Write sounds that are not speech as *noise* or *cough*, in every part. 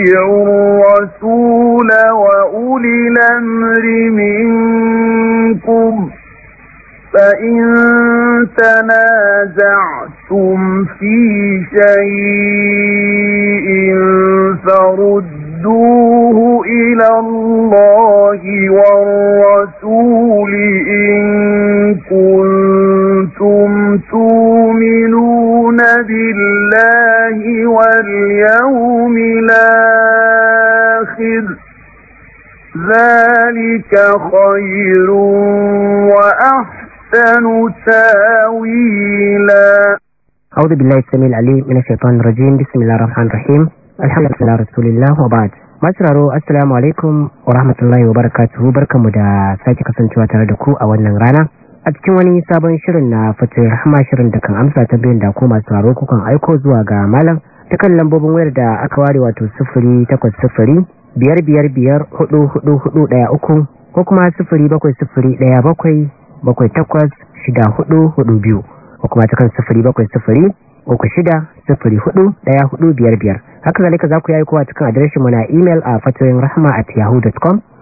أطيعوا الرسول وأولي الأمر منكم فإن تنازعتم في شيء فردوه إلى الله والرسول إن كنتم كنتم تؤمنون بالله واليوم الآخر ذلك خير وأحسن تاويلا أعوذ بالله السميع العليم من الشيطان الرجيم بسم الله الرحمن الرحيم الحمد لله رسول الله وبعد Masararo Assalamu alaikum عليكم ورحمة الله وبركاته barkanmu da sake kasancewa tare da ku a wannan rana a cikin wani sabon shirin na fitar rahama shirin da kan amsa ta biyan da ko masu tsaro kukan aiko zuwa ga malam ta kan lambobin wayar da aka ware wato sufuri takwas sufuri biyar ko kuma sufuri ko kuma ta kan sufuri haka zalika za ku yi aikowa cikin adireshin mu na imel a fatoyin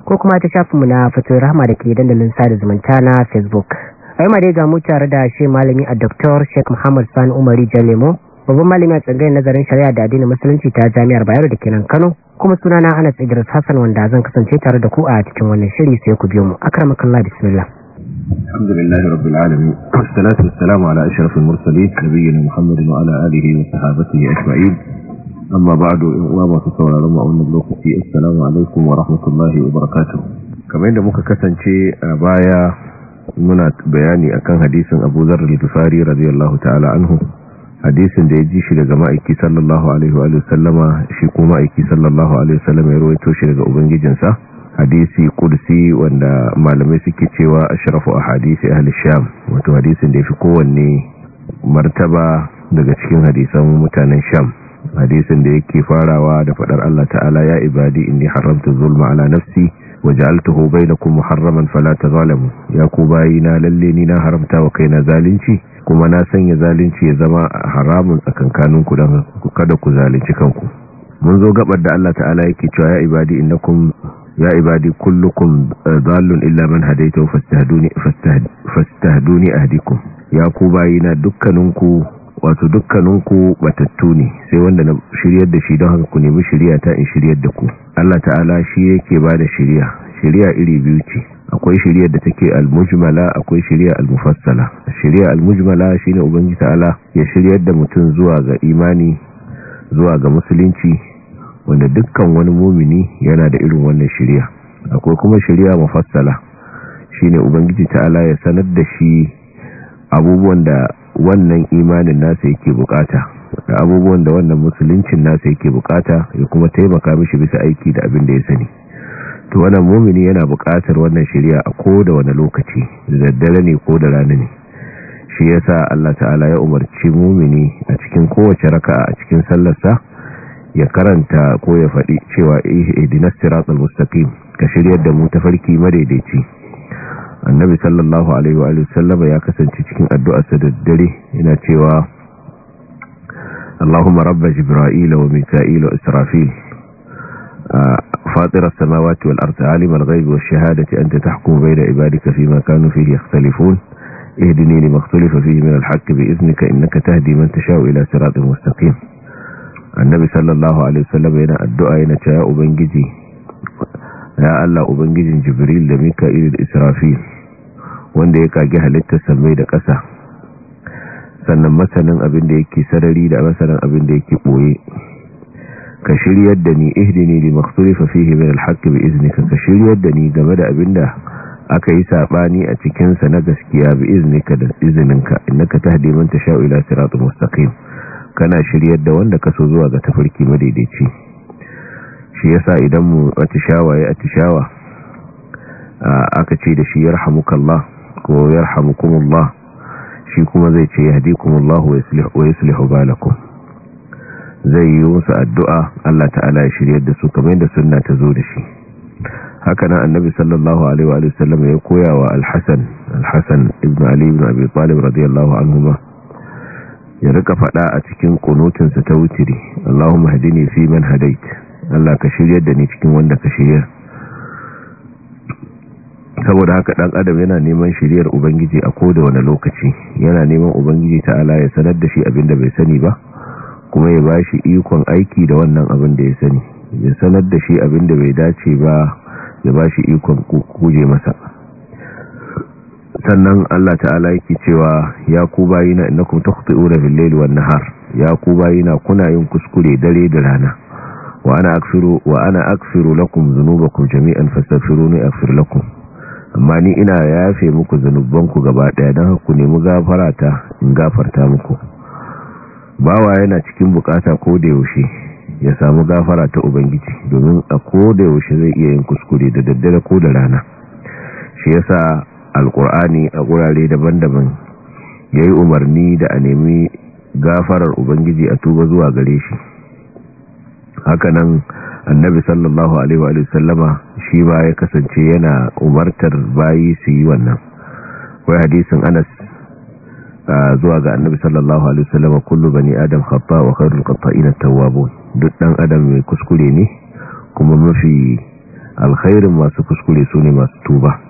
ko kuma ta shafinmu na fatoyin rahama da ke dandalin sada zumunta na facebook a yi dai ga mu tare da shi malami a Dr. Sheikh Muhammad Sani Umari Jalemo, babban malami a tsangayar nazarin shari'a da addinin musulunci ta jami'ar Bayero da kenan Kano, kuma sunana ana Idris Hassan wanda zan kasance tare da ku a cikin wannan shiri sai ku biyo mu. Akramakallah bismillah. Alhamdulillah rabbil alamin. Wassalatu wassalamu ala ashrafil mursalin nabiyina Muhammadin wa ala alihi wa sahbihi amma ba'du in uwa masu sauraron mu lokaci assalamu alaikum wa rahmatullahi wa barakatuh kamar yadda muka kasance a baya muna bayani akan hadisin Abu Dharr al-Ghifari radiyallahu ta'ala anhu hadisin da ya ji shi daga ma'aiki sallallahu alaihi wa sallama shi kuma ma'aiki sallallahu alaihi wa sallama ya rawaito shi daga ubangijinsa hadisi kursi wanda malamai suke cewa a hadisi ahli sham wato hadisin da ya fi kowanne martaba daga cikin hadisan mutanen sham hadisin da yake farawa da fadar Allah ta'ala ya ibadi inni haramtu zulma ala nafsi waja'altuhu bainakum muharraman fala tazalimu ya ku bayina lalle ni na haramta wa kaina zalunci kuma na sanya zalunci ya zama haramun tsakankanin ku dan kada ku zalunci kanku mun zo gabar da Allah ta'ala yake cewa ya ibadi innakum ya ibadi kullukum eh, dhalun illa man hadaytu fastahduni fastahduni ahdikum ya ku bayina dukkaninku wato dukkaninku batattu ne sai wanda na shiryar da shi don haka ku nemi shiriya ta in shiryar da ku Allah ta'ala shi yake ba da shiriya shiriya iri biyu ce akwai shirya da take almujmala akwai shiriya almufassala shiriya almujmala shine ubangi ta'ala ya shiryar da mutum zuwa ga imani zuwa ga musulunci wanda dukkan wani mumini yana da irin wannan shiriya akwai kuma shiriya mufassala shine ubangiji ta'ala ya sanar da shi abubuwan da wannan imanin nasa yake bukata da abubuwan da wannan musuluncin nasa yake bukata ya kuma taimaka mishi bisa aiki da abin da ya sani to wannan mumini yana bukatar wannan shari'a a ko da wani lokaci da daddare ne ko da rana ne shi yasa Allah ta'ala ya umarci mumini a cikin kowace raka'a a cikin sallarsa ya karanta ko ya faɗi cewa ihdinas siratal mustaqim ka shiryar da mu tafarki madaidaici annabi sallallahu alaihi wa sallama ya kasance cikin sa da dare yana cewa Allahumma rabb jibril wa mika'il wa israfil فاطر السماوات والأرض عالم الغيب والشهادة أنت تحكم بين عبادك فيما كانوا فيه يختلفون اهدني لما اختلف فيه من الحق بإذنك إنك تهدي من تشاء إلى صراط مستقيم النبي صلى الله عليه وسلم ينا الدعاء ينا تشاء بنجي ya Allah ubangijin jibril da mika'il da israfil wanda ya kage halittar sammai da ƙasa sannan masanin abin da yake sarari da masanin abin da yake boye ka shiryar da ni ihdini li makhtulifa fihi min al bi iznika ka shiryar da ni game da abin da aka yi saɓani a cikinsa na gaskiya bi iznika da izininka innaka tahdi man tasha'u ila siratal mustaqim kana shiryar da wanda kaso zuwa ga tafarki madaidaici shi yasa idan mu atishawa ya atishawa aka ce da shi yarhamukallah ko yarhamukumullah shi kuma zai ce yahdikumullah wa yuslihu balakum zai yi musu addu'a Allah ta'ala ya shiryar da su kamar yadda sunna ta zo da shi haka nan annabi sallallahu alaihi wa sallam ya koya wa al-hasan al-hasan ibn ali ibn abi talib radiyallahu anhuma ya rika fada a cikin kunutinsa ta wutiri Allahumma hadini fi man hadait Allah ka shirya da ni cikin wanda ka shirya. saboda haka dan adam yana neman shiryar ubangiji a koda wani lokaci yana neman ubangiji ta'ala ya sanar da shi abin bai sani ba kuma ya bashi ikon aiki da wannan abin da ya sani ya sanar da shi abin bai dace ba ya bashi ikon kuje masa sannan Allah ta'ala yake cewa ya ku bayina innakum taqti'una bil-layli wan-nahar ya ku bayina kuna yin kuskure dare da rana wa ana aksiru wa ana aksiru lakum dhunubakum jami'an fastaghfiruni aghfir lakum amma ni ina yafe muku zanubanku gaba daya dan ku nemi gafara ta in gafarta muku bawa yana cikin bukata ko da yaushe ya samu gafara ta ubangiji domin a ko da yaushe zai iya yin kuskure da daddare ko da rana shi yasa alkur'ani a gurare daban-daban yayi umarni da a nemi gafarar ubangiji a tuba zuwa gare shi hakanan annabi sallallahu alaihi wa sallama shi ba ya kasance yana umartar bayi su yi wannan wai hadisin anas zuwa ga annabi sallallahu alaihi wa sallama kullu bani adam khata wa khairul at tawwabun duk dan adam mai kuskure ne kuma mafi alkhairin masu kuskure sune masu tuba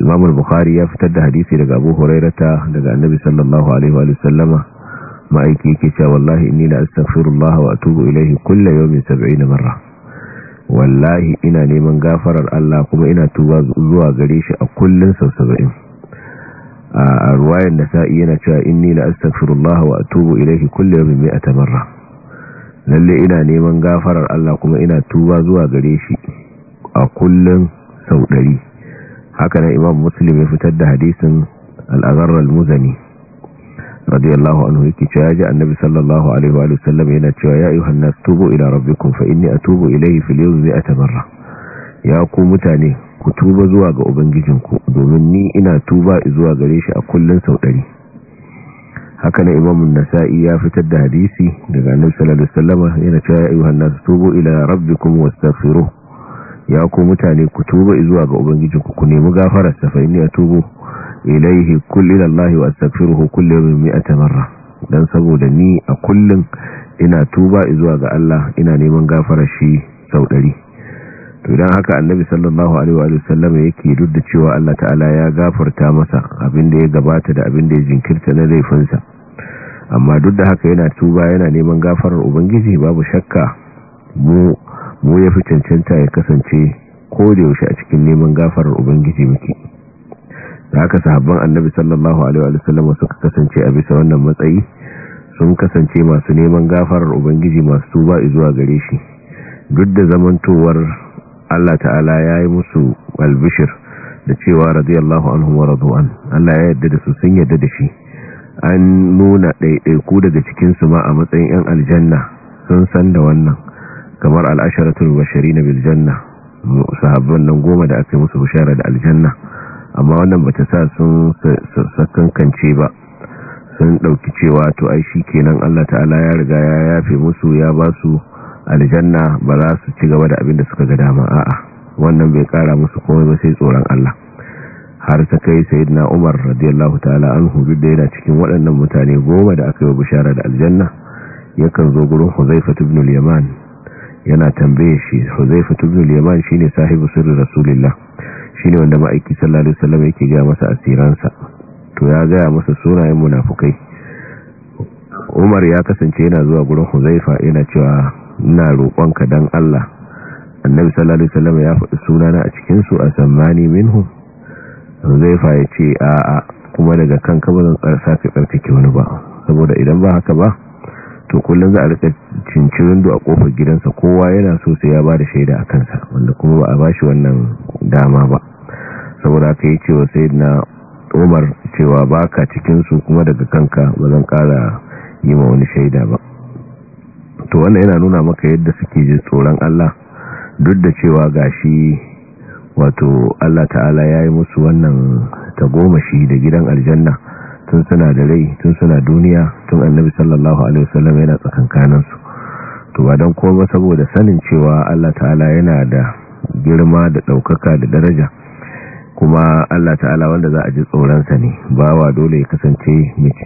imam al-bukhari ya fitar da hadisi daga abu hurairata daga annabi sallallahu alaihi wa sallama ma'aiki yake cewa wallahi inni la astaghfirullah wa atubu ilayhi kullu yawmin 70 marra wallahi ina neman gafarar Allah kuma ina tuba zuwa gare shi a kullun sau 70 a ruwayan da sa'i yana cewa inni la astaghfirullah wa atubu ilayhi kullu yawmin 100 marra lalle ina neman gafarar Allah kuma ina tuba zuwa gare shi a kullun sau 100 haka nan imam muslim ya fitar da hadisin al-azhar al-muzani radiyallahu anhu yake cewa ya ji annabi sallallahu alaihi wa sallam yana cewa ya ayyuhan nas tubu ila rabbikum fa inni atubu ilayhi fil yawmi mi'ata marra ya ku mutane ku tuba zuwa ga ubangijinku domin ni ina tuba zuwa gare shi a kullun sau ɗari haka ne imam nasa'i ya fitar da hadisi daga annabi sallallahu alaihi wasallam yana cewa ya ayyuhan nas tubu ila rabbikum wastaghfiruh ya ku mutane ku tuba zuwa ga ubangijinku ku nemi gafarar fa inni atubu ilaihi kulli lillahi wa astaghfiruhu kulli yawmin mi'ata marra dan saboda ni a kullun ina tuba zuwa ga Allah ina neman gafarar shi sau 100 to dan haka annabi sallallahu alaihi wa sallam yake cewa Allah ta'ala ya gafarta masa abinda ya gabata da abinda ya jinkirta na laifinsa amma duk da haka yana tuba yana neman gafarar ubangiji babu shakka mu mu ya fi cancanta ya kasance ko da yaushe a cikin neman gafarar ubangiji muke da haka sahabban annabi sallallahu alaihi wa sallam suka kasance a bisa wannan matsayi sun kasance masu neman gafarar ubangiji masu tuba zuwa gare shi duk da zamantowar Allah ta'ala ya yi musu albishir da cewa radiyallahu anhu wa radu'an Allah ya yadda da su sun yarda da shi an nuna ɗaiɗaiku daga cikinsu ma a matsayin 'yan aljanna sun san da wannan kamar al'asharatul bashari na biljanna sahabban nan goma da aka musu bishara da aljanna amma wannan bata sa sun sakankance ba sun dauki cewa to ai kenan Allah ta'ala ya riga ya yafe musu ya ba su aljanna ba za su ci gaba da abin da suka ga dama a'a wannan bai kara musu komai ba sai tsoron Allah har ta kai sayyidina Umar radiyallahu ta'ala anhu duk da yana cikin waɗannan mutane goma da aka yi bishara da aljanna yakan zo gurin Huzaifa ibn al-Yaman yana tambaye shi Huzaifa ibn al-Yaman shine sahibi sirri Rasulullah Shi ne wanda ma'aiki sallallahu alaihi yake gaya masa asiransa to ya gaya masa sunayen munafukai Umar ya kasance yana zuwa gurin Huzaifa yana cewa ina roƙonka dan Allah annabi sallallahu alaihi ya faɗi sunana a cikinsu a sammani Minhu. Huzaifa ya ce a'a kuma daga kanka ba zan tsarsa ka tsarkake wani ba saboda idan ba haka ba to kullum za a rika cincirin a kofar gidansa kowa yana so sai ya ba da shaida a kansa wanda kuma ba a ba shi wannan dama ba saboda haka yi cewa sai na umar cewa ba ka cikinsu kuma daga kanka ba zan kara yi ma wani shaida ba to wannan yana nuna maka yadda suke ji tsoron allah duk da cewa gashi wato allah ta'ala ya yi musu wannan ta tagomashi da gidan aljanna tun suna da rai tun suna duniya tun annabi sallallahu alaihi wasallam yana tsakankanin su to ba dan kowa saboda sanin cewa Allah ta'ala yana da girma da daukaka da daraja kuma Allah ta'ala wanda za a ji tsoron sa ne bawa dole ya kasance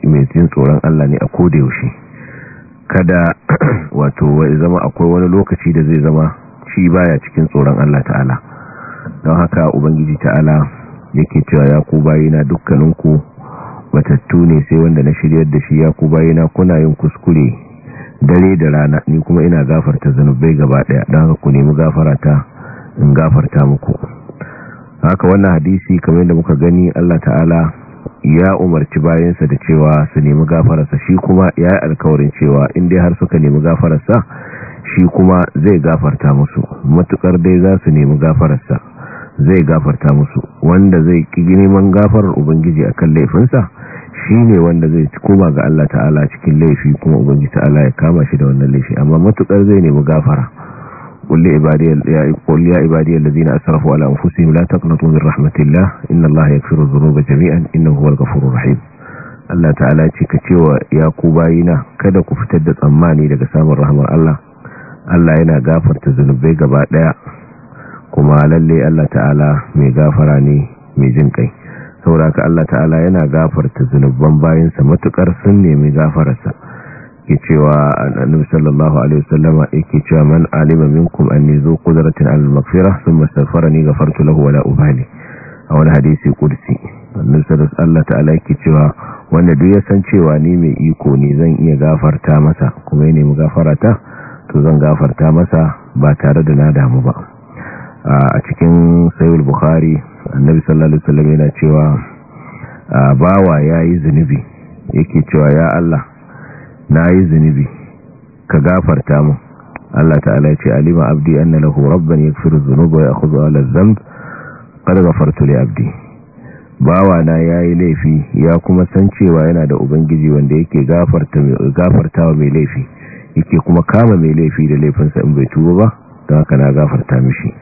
mai jin tsoron Allah ne a koda yaushe kada *clears throat* wato wai zama akwai wani lokaci da zai zama shi baya cikin tsoron Allah ta'ala don haka ubangiji ta'ala yake cewa ya ku bayina dukkaninku matattu ne sai wanda na shiryar da shi ya ku bayina kuna yin kuskure dare da rana ni kuma ina gafarta zanubai gaba daya don haka ku nemi gafarata in gafarta muku haka wannan hadisi kamar yadda muka gani Allah ta'ala ya umarci bayansa da cewa su nemi gafararsa shi kuma ya yi alkawarin cewa in dai har suka nemi gafararsa shi kuma zai gafarta musu matukar dai za su nemi gafararsa zai gafarta musu wanda zai ki neman gafarar ubangiji akan laifinsa shi ne wanda zai ci koma ga Allah ta'ala cikin laifi kuma ubangiji ta'ala ya kama shi da wannan laifi amma matukar zai nemi gafara kulli ibadiyal ya kulli ibadiyal ladina asrafu ala anfusihim la taqnatu min rahmatillah inna Allah yaghfiru dhunuba jami'an innahu huwal ghafurur rahim Allah ta'ala ce ka cewa ya bayina kada ku fitar da tsammani daga samun rahmar Allah Allah yana gafarta zunubai gaba daya kuma lalle Allah ta'ala mai gafara ne mai jin kai sauraka Allah ta'ala yana gafarta zunuban bayansa matukar sun nemi gafararsa ke cewa annabi sallallahu alaihi wasallama yake cewa man alima minkum anni zu qudratin al-maghfirah thumma astaghfarani ghafartu lahu wala ubali a wani hadisi kursi annabi sallallahu Allah ta'ala yake cewa wanda duk ya san cewa ni mai iko ne zan iya gafarta masa kuma ya nemi gafarata to zan gafarta masa ba tare da na damu ba a cikin sayul bukhari annabi sallallahu alaihi wasallam yana cewa bawa yayi zunubi yake cewa ya Allah nayi zunubi ka gafarta mu Allah ta'ala ya ce alima abdi anna lahu rabban yaghfiru dhunuba wa ya'khudhu ala dhanb qad ghafartu li abdi bawa na yayi laifi ya kuma san cewa yana da ubangiji wanda yake gafarta gafartawa mai laifi yake kuma kama mai laifi da laifinsa in bai tuba ba don haka na gafarta mishi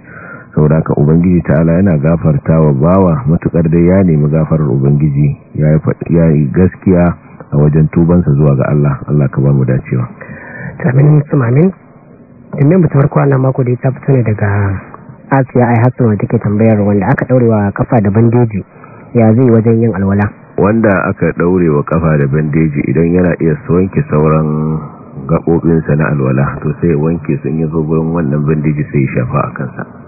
sauraka ubangiji ta ala yana gafarta wa bawa matukar da ya nemi gafarar ubangiji ya yi gaskiya a wajen tubansa zuwa ga Allah Allah ka ba mu dacewa tamin sumamin inda mutum farko mako da ya tafi ne daga asiya ai hassan wanda take tambayar wanda aka daurewa kafa da bandeji ya zai wajen yin alwala wanda aka daurewa kafa da bandeji idan yana iya wanke sauran gaɓoɓinsa na alwala to sai wanke sun yi zo wannan bandeji sai ya shafa a kansa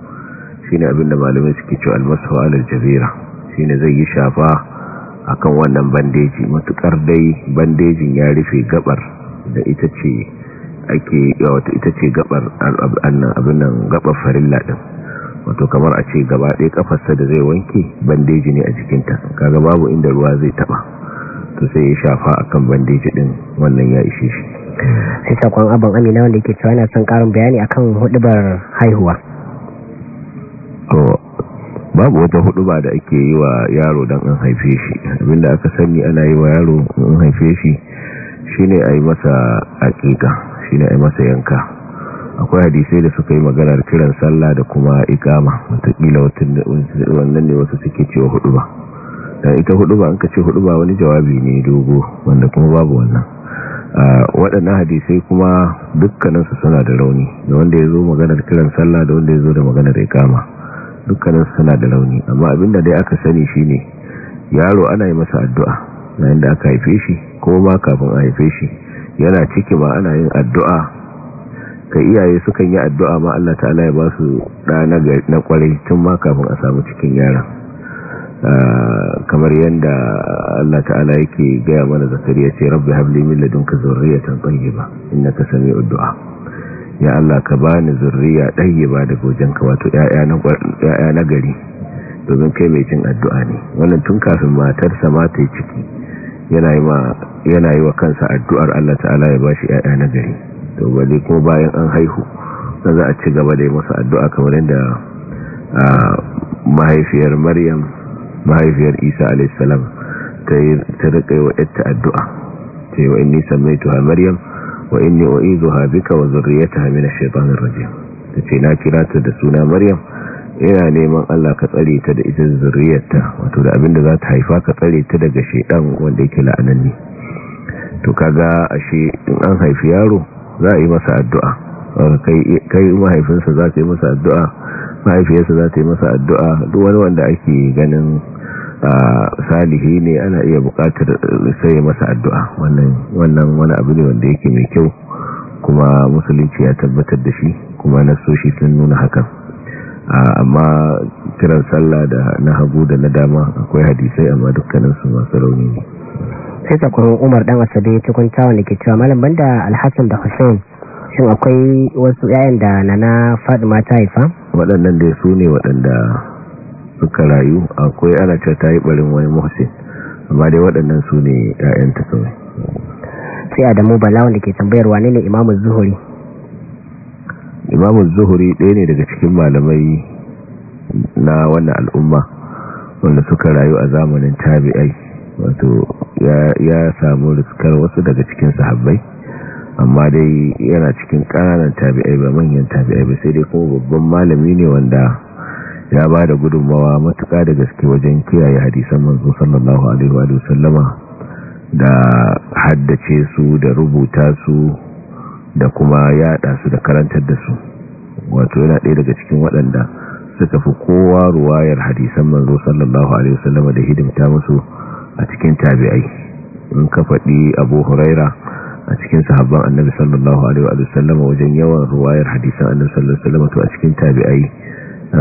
shine abin da malamai suke cewa almasu alal jazira shine zai yi shafa akan wannan bandeji matukar dai bandejin ya rufe gabar da ita ce ake wata ita ce gabar abin nan gabar farilla din wato kamar a ce gaba ɗaya kafarsa da zai wanke bandeji ne a jikinta kaga babu inda ruwa zai taba to sai ya shafa akan bandeji din wannan ya ishe shi sai sakon abin amina wanda yake cewa yana son karin bayani akan hudubar haihuwa to babu wata hudu ba da ake yi wa yaro don an haife shi abinda aka sani ana yi wa yaro don an haife shi shine a yi masa aƙiƙa shine a masa yanka akwai hadisai da suka yi maganar kiran sallah da kuma ikama watakila wannan ne wasu suke cewa hudu ba da ita hudu ba an ka ce hudu ba wani jawabi ne dogo wanda kuma babu wannan waɗannan hadisai kuma dukkaninsu suna da rauni da wanda ya zo maganar kiran sallah da wanda ya zo da maganar ikama dukkanin suna da launi amma abin da dai aka sani shine yaro ana yi masa addu'a yayin da aka haife shi ko ma kafin a haife shi yana ciki ma ana yin addu'a ka iyaye sukan yi addu'a ma Allah ta'ala ya ba su ɗa na kwarai tun ma kafin a samu cikin yaron ah, kamar yadda Allah ta'ala yake gaya mana zakariya ce rabbi habli min ladunka zurriyatan tayyiba innaka sami'ud du'a ya Allah ka bani zurriya ba daga wajenka wato ‘ya'ya na gari domin kai mai cin addu'a ne wannan tun kafin matarsa ma ta yi ciki yana yi wa kansa addu'ar Allah ta'ala ya bashi ‘ya'ya na gari to bale kuma bayan an haihu na za a ci gaba da yi masa addu'a kamar yadda mahaifiyar maryam mahaifiyar isa salam ta riƙa yi wa addu'a ta yi wa inni maryam wa inni u'izuha bika wa zurriyyataha min ash-shaytanir rajim tace na kira ta da suna maryam ina neman Allah ka tsare ta da ita zurriyarta wato da abinda za ta haifa ka tsare ta daga shedan wanda yake la'ananni to kaga ashe in an haifi yaro za a yi masa addu'a kai mahaifinsa za ta yi masa addu'a mahaifiyarsa za ta yi masa addu'a duk wani wanda ake ganin salihi ne ana iya bukatar sai masa addu'a wannan wani abu ne wanda yake mai kyau kuma musulunci ya tabbatar da shi kuma na shi sun nuna hakan amma kiran sallah da na hagu da na dama akwai hadisai amma dukkaninsu masu rauni ne sai takwarar umar dan asabe ya cikin tawon da ke cewa malam banda alhassan da hussein shin akwai wasu yayan da na na fadi mata haifa waɗannan da su ne waɗanda suka rayu akwai ana ce ta yi barin wani muhsin amma dai waɗannan su ne ‘ya'yanta kawai sai adamu bala wanda ke tambayar wane ne imamu zuhuri imamu zuhuri ɗaya ne daga cikin malamai na wannan al'umma wanda suka rayu a zamanin tabi'ai wato ya samu riskar wasu daga cikin sahabbai amma dai yana cikin ƙananan tabi'ai ba manyan tabi'ai ba sai dai kuma babban malami ne wanda ya ba da gudunmawa matuƙa da gaske wajen kiyaye hadisan manzo sallallahu alaihi wa sallama da haddace su da rubuta su da kuma yada su da karantar da su wato yana ɗaya daga cikin waɗanda suka fi kowa ruwayar hadisan manzo sallallahu alaihi wa sallama da hidimta musu a cikin tabi'ai in ka faɗi abu huraira a cikin sahabban annabi sallallahu alaihi wa sallama wajen yawan ruwayar hadisan annabi sallallahu alaihi wa sallama to a cikin tabi'ai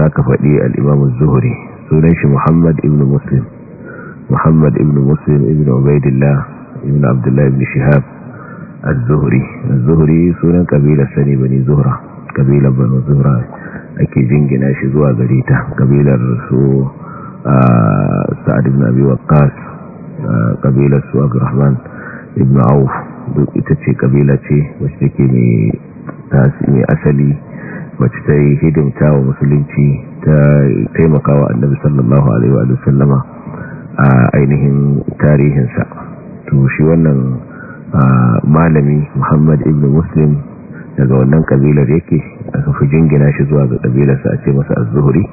haka faɗi al'imamun zuhuri sunan shi muhammad ibn muslim muhammad ibn muslim ibn ubaidillah ibn abdullahi ibn shihab al zuhri al zuhri sunan kabilar sani bani zuhra kabilar bani zuhra ake jingina shi zuwa gare ta kabilar su sa'ad ibn abi waqqas kabilar su abdurrahman ibn auf duk ita ce kabila ce wacce take mai asali wacce ta yi hidimta wa musulunci ta taimakawa annabi sallallahu alaihi wa sallama a ainihin tarihinsa to shi wannan malami muhammad ibn muslim daga wannan kabilar yake a fi jingina shi zuwa ga kabilarsa a ce masa azuhuri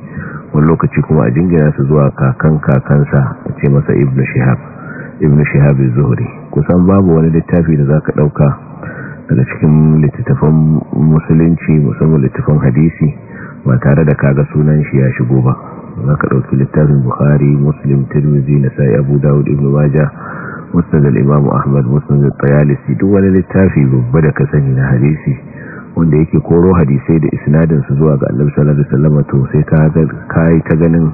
wani lokaci kuma a jingina su zuwa kakan kakansa a ce masa ibn shihab ibn shihab zuhuri kusan babu wani littafi da za ka ɗauka. daga cikin littattafan musulunci musamman littattafan hadisi ba tare da kaga sunan shi ya shigo ba za ka ɗauki littafin bukhari muslim na sai abu dawud ibn waja musulun imam ahmad musulun tsayalisi duk wani littafi babba da ka sani na hadisi wanda yake koro hadisai da isnadin zuwa ga annabi sallallahu alaihi to sai ka yi ta ganin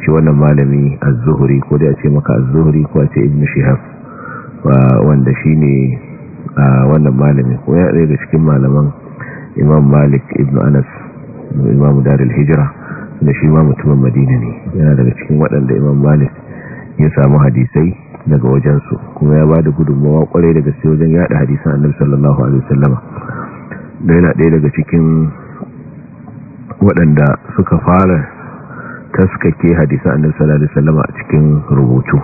shi wannan malami az-zuhri ko da ya ce maka az-zuhri ko a ce ibn shihab wanda shine a wannan malami ko ya ɗaya da cikin malaman imam malik ibn anas imam darul hijira da shi ma mutumin madina ne yana daga cikin waɗanda imam malik ya samu hadisai daga wajensu kuma ya ba da gudunmawa kwarai daga sai wajen yada hadisan annabi sallallahu alaihi wasallama da yana ɗaya daga cikin waɗanda suka fara taskake hadisan annabi sallallahu alaihi wasallama a cikin rubutu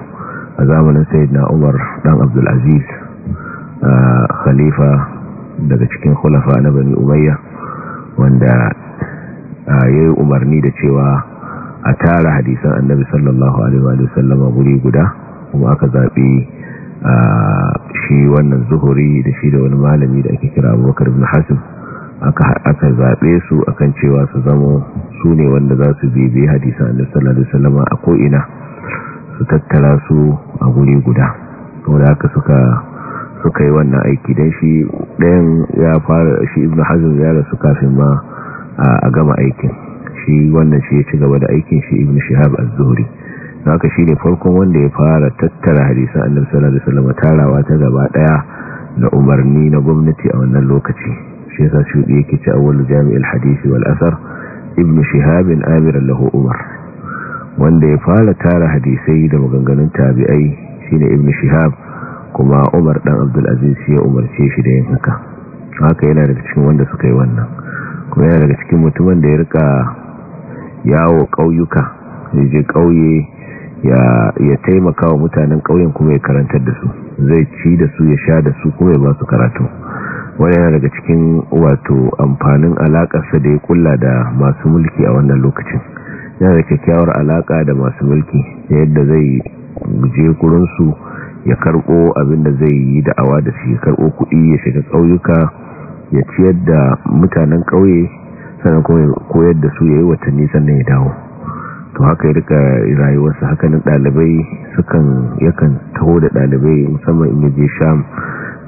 a zamanin sayyidina umar dan abdul aziz khalifa daga cikin khulafa na bani umayya wanda ya yi umarni da cewa a tara hadisan annabi sallallahu alaihi wa sallama guri guda kuma aka zabi shi wannan zuhuri da shi da wani malami da ake kira abubakar ibn Hasib aka zaɓe su akan cewa su zama su ne wanda za su bebe hadisan annabi sallallahu alaihi wa sallama a ko'ina su tattara su a guri guda wadda aka suka suka yi wannan aiki don shi ɗayan ya fara shi ibn hazm ya rasu kafin ma a gama aikin shi wannan shi ya ci gaba da aikin shi ibn shihab az-zuhri haka ne farkon wanda ya fara tattara hadisan annabi sallallahu alaihi wasallam tarawa ta gaba daya na umarni na gwamnati a wannan lokaci shi yasa shudi yake ci awwalu jami'il hadisi wal asar ibn shihab amir lahu umar wanda ya fara tara hadisai da maganganun tabi'ai shine ibn shihab kuma umar dan abdulaziz ya umarce shi da yin haka haka yana daga cikin wanda suka yi wannan kuma yana daga cikin mutumin da ya rika yawo ƙauyuka ya je ƙauye ya taimaka wa mutanen ƙauyen kuma ya karantar da su zai ci da su ya sha da su kuma ya ba su karatu wani yana daga cikin wato amfanin alakarsa da ya kulla da masu mulki a wannan lokacin yana da kyakkyawar alaƙa da masu mulki yadda zai je gurinsu ya karbo abin da zai yi awa da shi ya karbo kuɗi ya shiga ƙauyuka ya ciyar da mutanen kauye sannan kuma koyar da su yayi yi watanni sannan ya dawo to haka ya rika rayuwarsa na dalibai sukan yakan taho da ɗalibai musamman in je sham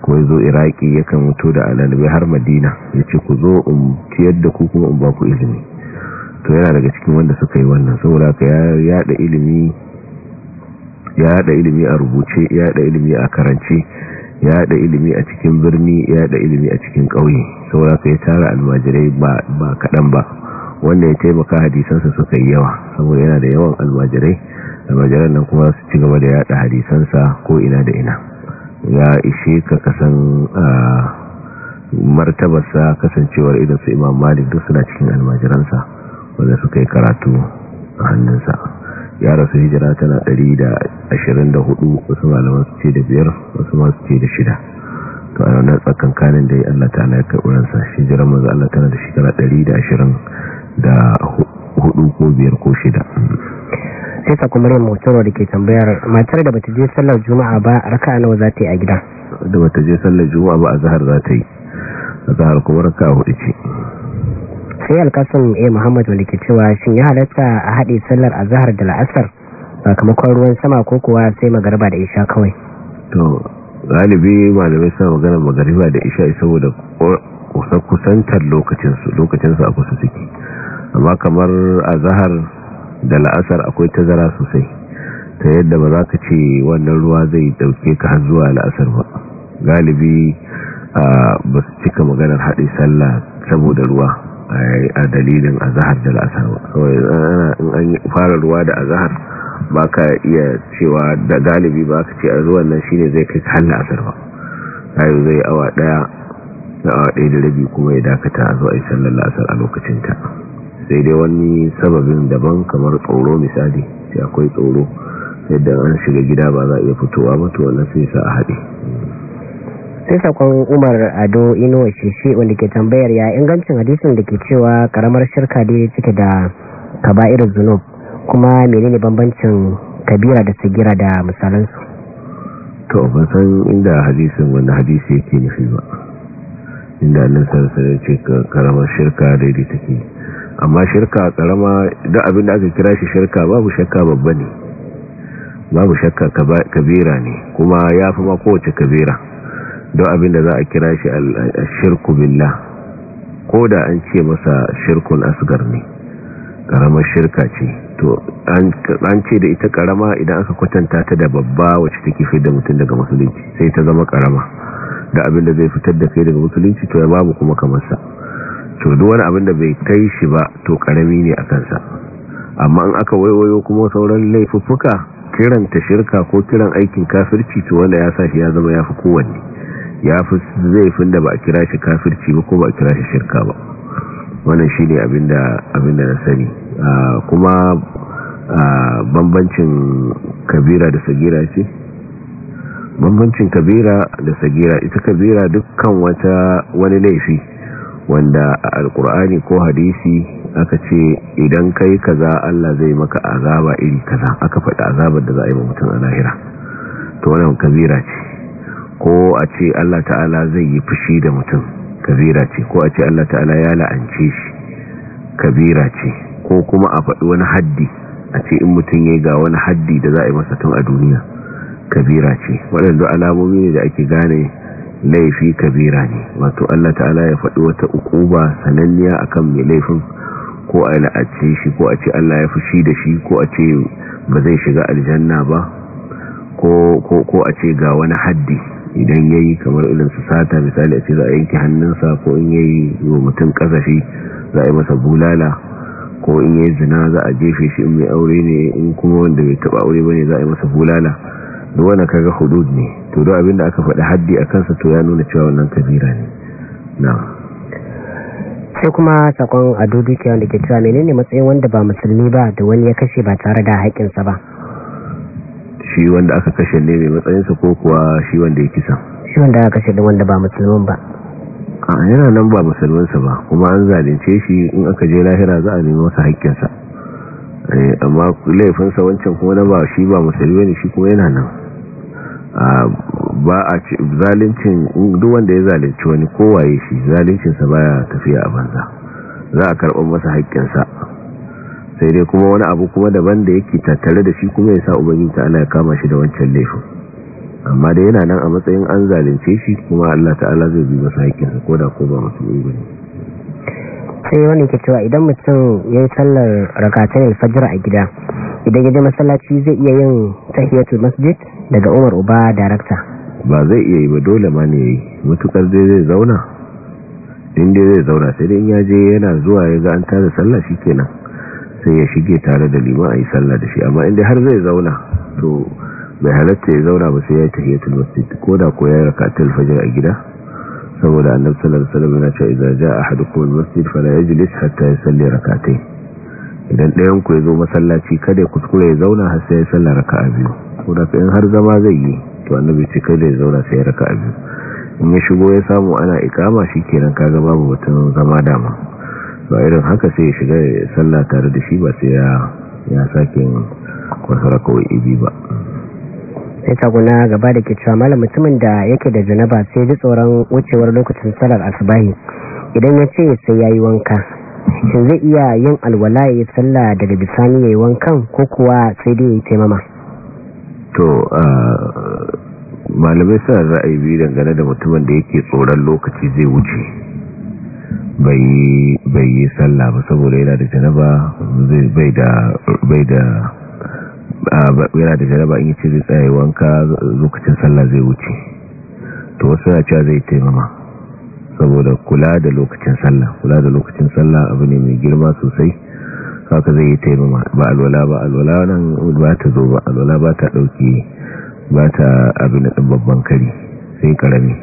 ko ya zo iraki yakan mutu da dalibai har madina ya ce ku zo in ciyar da ku kuma in ba ku ilimi to yana daga cikin wanda suka yi wannan saboda ka ya yada ilimi ya haɗa ilimi a rubuce ya haɗa ilimi a karance ya haɗa ilimi a cikin birni ya haɗa ilimi a cikin ƙauye saboda ka ya tara almajirai ba kaɗan ba wanda ya taimaka hadisansa suka yi yawa saboda yana da yawan almajirai almajiran nan kuma su ci gaba da yaɗa hadisansa ko ina da ina ya ishe ka kasan martabarsa kasancewar idan su imam malik duk suna cikin almajiransa wanda suka yi karatu a hannunsa ya rasu hijira tana 124 wasu malaman su ce da biyar wasu masu ce da shida to a ranar tsakan kanin da ya Allah ta na karɓuransa hijirar mazu Allah tana da shekara 124 ko biyar ko shida sai sakwamarin motoro da ke tambayar matar da bata je sallar juma'a ba raka nawa za ta yi a gida da bata je sallar juma'a ba a zahar za ta yi a zahar kuma raka hudu ce sai alkasim a eh, muhammad wanda ke cewa shin ya halatta a haɗe sallar azahar da la'asar sakamakon ruwan sama ko kuwa sai magarba da isha kawai to galibi malamai suna magana magariba da isha saboda kusantar lokacinsu lokacinsu a kusa suke amma kamar azahar da la'asar akwai tazara sosai ta yadda ba za ka ce wannan ruwa zai dauke ka har zuwa la'asar ba galibi ah, ba su cika maganar haɗe sallah saboda ruwa a dalilin azahar da la'asar in an fara ruwa da azahar ba ka iya cewa da galibi ba ka ce a ruwan nan shine zai kai kan la'asar ba ayo zai awa daya da awa daya da rabi kuma ya dakata a zuwa isan la'asar a lokacinta sai dai wani sababin daban kamar tsoro misali sai akwai tsoro yadda an shiga gida ba za a iya fitowa ba to wannan sai sa a haɗe sai sakon umar ado ino shishi wanda ke tambayar ya ingancin hadisin da ke cewa karamar shirka da cike da kaba'irin zunub kuma menene bambancin kabira da sigira da misalansu to ban san inda hadisin wani hadisi yake nufi ba inda nan sarsa ya ce karamar shirka ya take amma shirka karama don abin da aka kira shi shirka babu shakka babba ne babu shakka kabira ne kuma ya fi ma kowace kabira don abin da za a kira shi shirku billa ko da an ce masa shirkun asgar ne karamar shirka ce to an ce da ita karama idan aka kwatanta ta da babba wacce take fi da mutum daga musulunci sai ta zama karama da abin da zai fitar da kai daga musulunci to ya babu kuma kamar sa to duk wani abin da bai kai shi ba to karami ne a kansa amma in aka waiwayo kuma sauran laifuffuka kiranta shirka ko kiran aikin kafirci to wanda ya sa shi ya zama ya fi kowanne ya fi zaifin da ba a kira shi kafirci ba ko ba a kira shi shirka ba wannan shi ne abinda na sani ah, kuma ah, bambancin kabira da sagira ce bambancin kabira da sagira ita kabira dukkan wata wani laifi wanda a alkur'ani ko hadisi aka ce idan kai kaza Allah zai maka azaba iri kaza aka faɗi azabar da za a yi mutum a lahira to wannan kabira ce ko a ce Allah ta'ala zai yi fushi da mutum kabira ce ko a ce Allah ta'ala ya la'ance shi kabira ce ko kuma a faɗi wani haddi a ce in mutum ya ga wani haddi da za a yi masa tun a duniya kabira ce waɗanda alamomi ne da ake gane laifi kabira ne wato Allah ta'ala ya faɗi wata ukuba sananniya akan mai laifin ko a la'ace shi ko a ce Allah ya fushi da shi ko a ce ba zai shiga aljanna ba ko a ce ga wani haddi idan ya yi kamar irin su sata misali a ce za a yanki hannunsa ko in ya yi wa mutum kasashe za a yi masa bulala ko in ya yi zina za a jefe shi in mai aure ne in kuma wanda bai taba aure ba ne za a yi masa bulala da wani kaga hudud ne to don abinda aka faɗi haddi a kansa to ya nuna cewa wannan kabira ne na sai kuma sakon ado dukiya wanda ke cewa menene matsayin wanda ba musulmi ba da wani ya kashe ba tare da haƙƙinsa ba shi wanda aka kashe ne mai matsayinsa ko kuwa shi wanda ya kisa shi wanda aka kashe da wanda ba musulman ba a yana nan ba musulmansa ba kuma an zalunce shi in aka je lahira za a nemi masa haƙƙinsa eh, amma laifinsa wancan kuma na ba shi ba musulmi ne shi kuma yana nan ba a zalincin duk wanda ya zalince wani kowaye shi zaluncinsa baya tafiya a banza za a karɓar masa haƙƙinsa sai dai kuma wani abu kuma daban da yake tattare da shi kuma ya sa ubangiji ta'ala ya kama shi da wancan laifin amma da yana nan a matsayin an zalunce shi kuma Allah ta'ala zai bi masa haƙƙinsa ko da ko ba musulmi sai wani ke cewa idan mutum yayi sallar rakatun fajara a gida idan ya je masallaci zai iya yin tahiyatul masjid daga Umar Uba darakta ba zai iya yi ba dole ma ne yayi mutukar dai zai zauna in dai zai zauna sai dai in ya je yana zuwa ya ga an tada sallah shikenan sai ya shige tare da liman a yi sallah da shi amma inda har zai zauna to bai halatta ya zauna ba sai ya yi tahiyatul masjid ko da ko ya yi rakatul fajr a gida saboda annabi sallallahu alaihi wasallam yana cewa a jaa ahadukum al-masjid fala yajlis hatta yusalli rakatai idan ɗayan ku ya zo masallaci kada ya kuskure ya zauna har sai ya salla raka'a biyu ko da in har zama zai yi to annabi ce kada ya zauna sai ya raka'a biyu in ya shigo ya samu ana ikama shi shikenan kaga babu batun zama dama Ba irin haka sai ya shiga sallah tare da shi ba sai ya sake kwasara kawai ibi ba sai taguna gaba da ke cewa malam mutumin da yake da janaba sai ji tsoron wucewar lokacin salar asubahi idan ya ce sai ya yi wanka shin zai iya yin alwala ya yi sallah daga bisani ya yi wankan ko kuwa sai dai ya yi taimama to malamai suna ra'ayi biyu dangane da mutumin da yake tsoron lokaci zai wuce bai yi sallah ba saboda yana da janaba bai da bai da yana da janaba in ce zai tsaye wanka lokacin sallah zai wuce to wasu ya cewa zai taimama saboda kula da lokacin sallah kula da lokacin sallah abu ne mai girma sosai haka zai yi taimama ba alwala ba alwala nan ba ta zo ba alwala ba ta ɗauki ba ta abin babban kari sai karami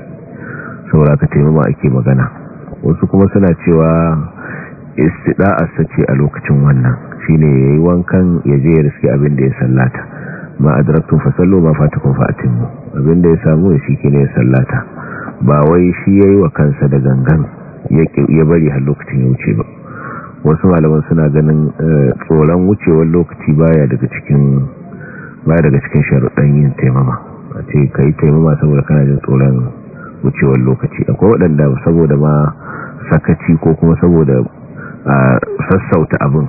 saboda ka taimama ake magana wasu kuma suna cewa istida'a sace a lokacin wannan shine yayi wankan ya je ya riske abin da ya sallata ma ba fasallu ma fatakum fa'timu abin da ya samu ya shi ne ya sallata ba wai shi yayi wa kansa da gangan ya bari har lokacin ya wuce ba wasu malaman suna ganin eh, tsoron wucewar lokaci baya daga cikin baya daga cikin sharuɗan yin taimama a ce ka yi taimama saboda kana jin tsoron wucewar lokaci akwai waɗanda saboda ma sakaci ko kuma saboda sassauta abin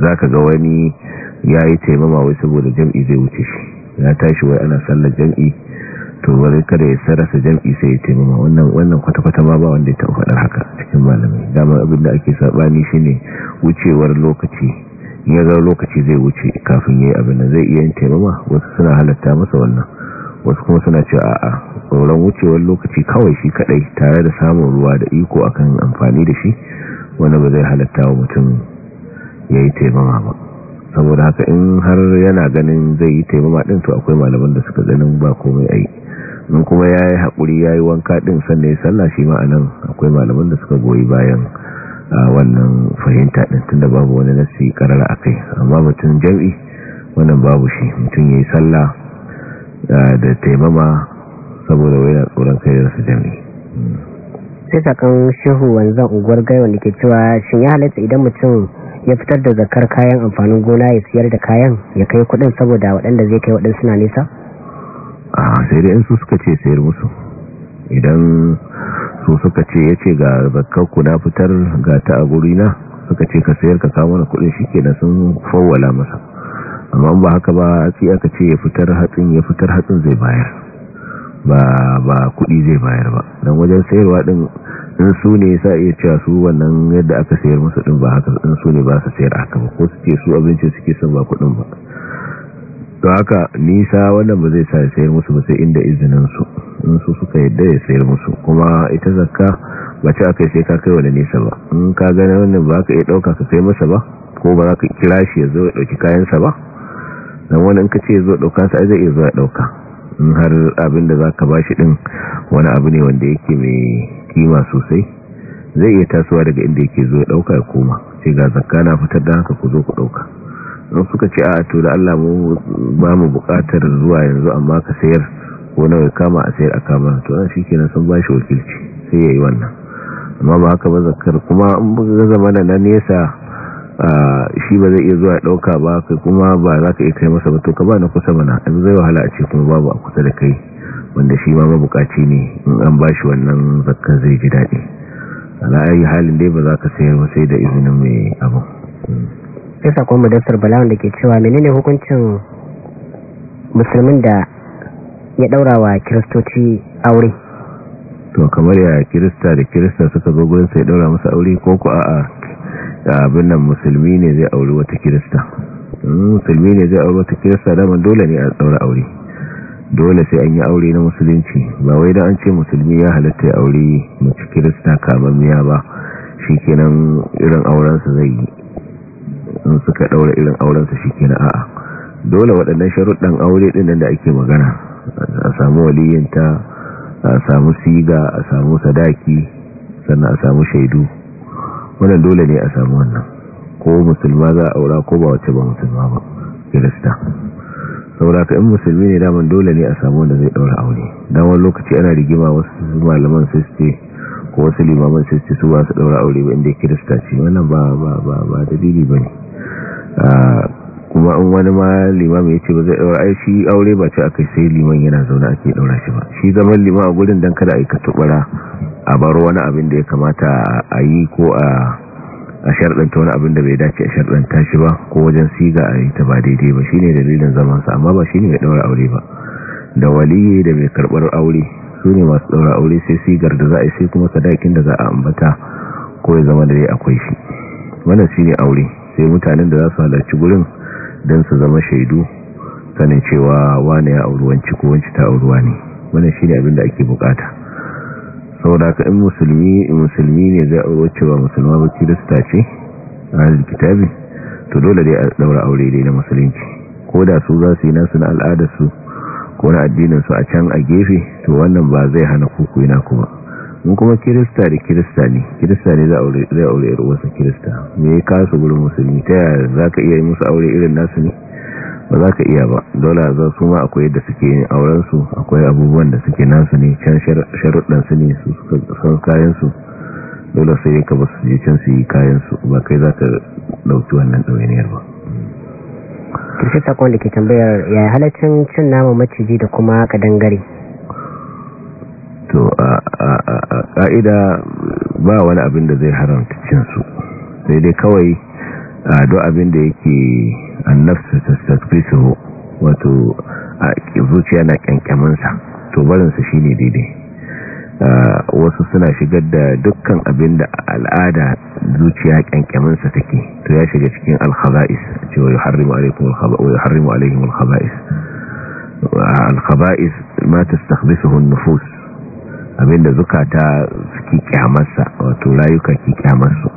za ka ga wani ya yi taimama wai saboda jam'i zai wuce shi ya tashi wai ana sallar jam'i to wani kada ya sarasa jam'i sai ya taimama wannan kwata-kwata ma ba wanda ya taɓa faɗar haka cikin malamai. dama abin da ake saɓani shi ne wucewar lokaci ya lokaci zai wuce kafin ya yi abin da zai iya yin taimama wasu suna halatta masa wannan wasu kuma suna cewa a tsoron wucewar lokaci kawai shi kadai tare da samun ruwa da iko akan amfani da shi wanda ba zai halatta wa mutum ya yi taimama ba saboda haka in har yana ganin zai yi taimama din to akwai malaman da suka ganin ba komai a yi in kuma ya yi haƙuri ya yi wanka din sannan ya salla shi ma ma'anan akwai malaman da suka goyi bayan wannan fahimta din tunda babu wani nasi karara kai amma mutum jam'i wannan babu shi mutum ya yi sallah Eh, da taimama saboda wai tsoron kai da su jami sai sakan shehu wanzan unguwar gaiwa da ke cewa shin ya halitta idan mutum ya fitar da zakar kayan amfanin gona ya siyar da kayan ya kai kudin saboda waɗanda zai kai waɗansu na nisa? a sai dai su suka ce sayar musu idan su suka ce ya ce ga zakakku na fitar ga ta a gurina suka ce ka sayar ka kawo na kudin shi ke sun fawwala masa amma ba haka ba sai aka ce ya fitar hatsin ya fitar hatsin zai bayar ba ba kuɗi zai bayar ba don wajen sayarwa din in su ne sa iya cewa su wannan yadda aka sayar musu din ba haka in su ne ba su sayar haka ba ko su ce su abinci suke son ba kuɗin ba to haka nisa wannan ba zai sa ya sayar musu ba sai inda izinin su in su suka yadda ya sayar musu kuma ita zakka ba ci aka sai ka kai wani nisa ba in ka gane wannan ba ka iya ɗauka ka kai masa ba ko ba za ka kira shi ya zo ya ɗauki kayansa ba dan wani in ka ce zo dauka sai zai iya zo ya dauka in har abin da zaka bashi din wani abu ne wanda yake mai kima sosai zai iya tasowa daga inda yake zo ya dauka ya koma sai ga zakka na fitar da haka ku zo ku dauka don suka ce a to da Allah mu ba mu bukatar zuwa yanzu amma ka sayar ko nawa kama a sayar a kama to an shikenan sun bashi wakilci sai yayi wannan amma ba haka ba zakkar kuma in ga nan na nesa shi ba zai iya zuwa ɗauka ba kai kuma ba za ka iya kai masa ba to ka ba na kusa mana abu zai wahala a ce kuma babu a kusa da kai wanda shi ma mabukaci ne in an ba shi wannan zakka zai ji daɗi ala ayi halin dai ba za ka sayar ba sai da izinin mai abu sai kuma madassar bala wanda ke cewa menene hukuncin musulmin da ya daura wa kiristoci aure to kamar ya kirista da kirista suka zo gurin sai daura masa aure ko ku a'a abin nan musulmi ne zai auri wata kirista musulmi ne zai auri wata kirista dama dole ne a tsaura aure dole sai an yi aure na musulunci ba wai da an ce musulmi ya halatta ya aure mace kirista kamammiya ba shi kenan irin aurensa zai yi in suka daura irin aurensa shi kenan a'a dole waɗannan sharuɗan aure ɗin da ake magana a samu waliyinta a samu siga a samu sadaki sannan a samu shaidu wannan dole ne a samu wannan ko musulma za a aura ko ba wace ba musulma ba kirista saboda ka in musulmi ne daman dole ne a samu wanda zai daura aure daman wani lokaci ana rigima wasu malaman siste ko wasu limaman siste su basu ba su daura aure ba inda kirista ce wannan ba ba ba ba dalili bane ah, kuma an wani ma liman ya ce ba zai daura ai shi aure ba ce aka sai liman yana zaune ake daura shi ba shi zaman liman a gurin don kada aika tubara a bar wani abin da ya kamata a yi ko a a sharɗanta wani abin da bai dace a sharɗanta shi ba ko wajen siga a yi ta ba daidai ba shine dalilin zamansa amma ba shine mai daura aure ba da waliyi da mai karɓar aure su ne masu daura aure sai sigar da za a yi sai kuma sadakin da za a ambata ko ya zama da dai akwai shi wannan shine aure sai mutanen da za su halarci gurin don su zama shaidu sanin cewa wane ya auruwanci ko wanci ta auruwa ne wani shi ne abin da ake bukata saura ka in musulmi in musulmi ne zai auro cewa musulma ba kirista ce a kitabi to dole dai a daura aure dai na musulunci ko da su za su yi nasu na al'adarsu ko na addininsu a can a gefe to wannan ba zai hana kuku na kuma in kuma kirista da kirista ne kirista ne za aure zai aure kirista me ya kasu gudun musulmi ta yaya za ka iya yi musu aure irin nasu ne ba za ka iya ba dole za su ma akwai yadda suke yin akwai abubuwan da suke nasu ne can sharuɗansu ne su san kayansu dole sai ka kaba su je can su yi kayansu ba kai za ka ɗauki wannan ɗawainiyar ba kirkita kwan da ke tambayar yaya halaccin cin namun maciji da kuma kadangare to ƙa'ida ba wani abin da zai haramta cinsu sai dai kawai don abin da yake annafsu tasfisu wato a zuciya na kyankyaminsa to barinsa shi ne daidai wasu suna shigar da dukkan abin da al'ada zuciya kyankyaminsa take to ya shiga cikin alkhaba'is cewa yi harrimu alaihim alkhaba'is alkhaba'is ma tastakbisuhu nufus Abin da zukata suke kyamarsa wato rayuka ke kyamarsu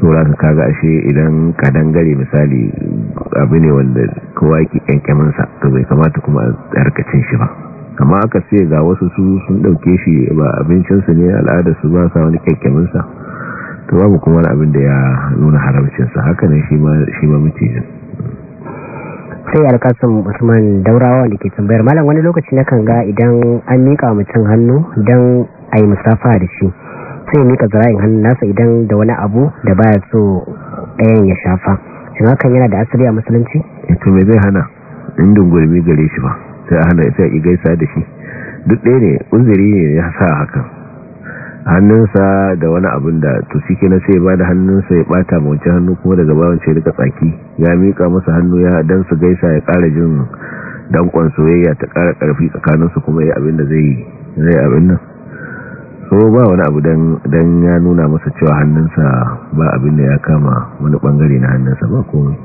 za su kaga ashe idan kadan gare misali abu ne wanda kowa yake kyankyaminsa to bai kamata kuma a rikacin shi ba amma aka siya ga wasu su sun dauke shi ba abincinsu ne al'adarsu ba sa wani kyankyaminsa to babu kuma wani abin da ya nuna haramcinsa haka ne shi ma mucijin sai alkasim usman daurawa da ke tambayar malam wani lokaci na kan ga idan an miƙa mutum hannu don a yi musafa da shi sai mika zara'in hannu nasa idan da wani abu da baya so ɗayan ya shafa shi hakan yana da asali a musulunci? ita eh, mai zai hana indin gurbi gare shi ba sai a hana ita a gaisa da shi duk ɗaya ne uzuri ne ya sa hakan hannunsa da wani abin da to shi kenan sai ya da hannunsa ya bata ma wancan hannu kuma daga bayan ce rika tsaki ya mika masa hannu ya dan su gaisa ya ƙara jin dankon soyayya ta ƙara ƙarfi tsakaninsu kuma ya abin da zai zai abin nan so ba wani abu dan ya nuna masa cewa hannunsa ba abin da ya kama wani bangare na hannunsa ba komai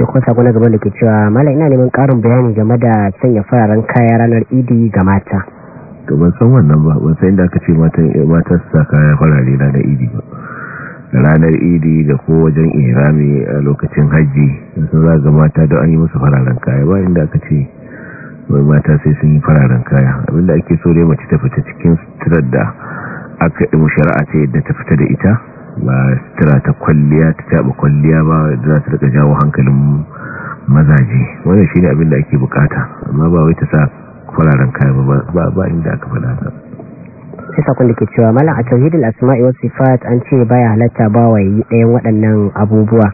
sai kuma sako na gaba da ke cewa mala ina neman ƙarin bayani game da sanya fararen kaya ranar idi ga mata to ban san wannan ba ban san inda aka ce mata sa kaya farare ranar da idi ba ranar idi da ko wajen irami a lokacin hajji sun zaga mata da an yi musu fararen kaya ba inda aka ce mai mata sai sun yi fararen kaya abinda ake so dai mace ta fita cikin suturar da aka yi shari'a ce yadda ta fita da ita ba sutura ta kwalliya ta taba kwalliya ba za ta rika jawo hankalin mazaje wannan shine abin da ake bukata amma ba wai ta sa fararen kayan ba ba inda aka faɗa ta sai sakon da ke cewa malam a tauhidul asma'i wasu sifat an ce baya halatta ba yi ɗayan waɗannan abubuwa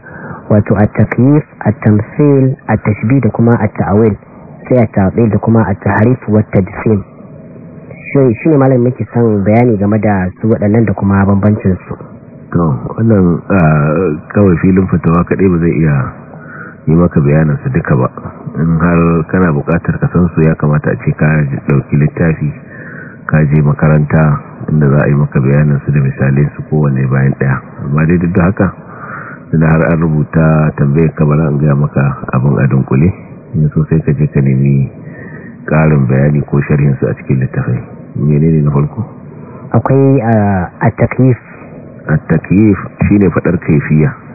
wato a takyif a tamsil a tashbi da kuma a ta'awil, sai a taɓe da kuma a tahrif wata disin shi ne malar muke son bayani game da su waɗannan da kuma bambancinsu. to wannan ah, kawai filin fatawa kaɗai ba zai iya yi maka su duka ba in har kana bukatar ka san su ya kamata a ce ka dauki littafi ka je makaranta inda za a yi maka bayanansu da misalai su kowane bayan daya amma dai duk da haka suna har an rubuta tambayar ka bara an gaya maka abin a dunkule in so sai ka je ka nemi karin bayani ko sharhin su a cikin littafai ne na farko akwai a ah, takif. a takyif shine fadar kaifiya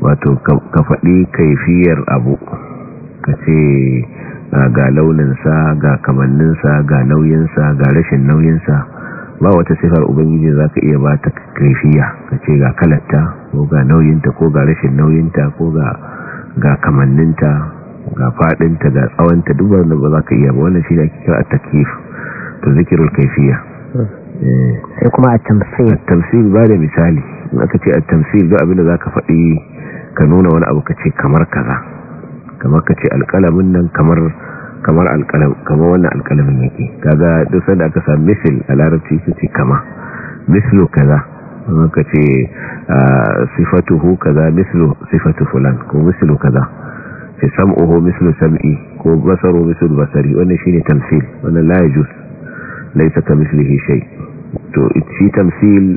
wato ka faɗi kaifiyar abu ka ce ah, ga launinsa ga kamanninsa ga nauyinsa ga rashin nauyinsa ba wata sifar ubangiji za ka iya ba ta kaifiya ka ce ga kalatta ko ga nauyinta ko ga rashin nauyinta ko ga kamanninta ga faɗinta ga tsawonta duk wanda ba za ka iya ba wannan shi ne ake kira a takif ta zikirar kaifiya eh. sai kuma a tamsil ba da misali in aka ce a tamsil duk abin da ka faɗi ka nuna wani abu ka ce kamar kaza kamar ka ce alƙalamin nan kamar kamar alƙalam kamar wannan alƙalamin yake kaga duk sanda aka sa misil a larabci su ce kama mislu kaza kuma ka ce ah, sifatuhu kaza mislu sifatu fulan ko mislu kaza ce sam'uhu mislu sam'i ko basaru mislu basari wannan shine tamsil wannan la yajuz laysa kamithlihi shay to shi tamsil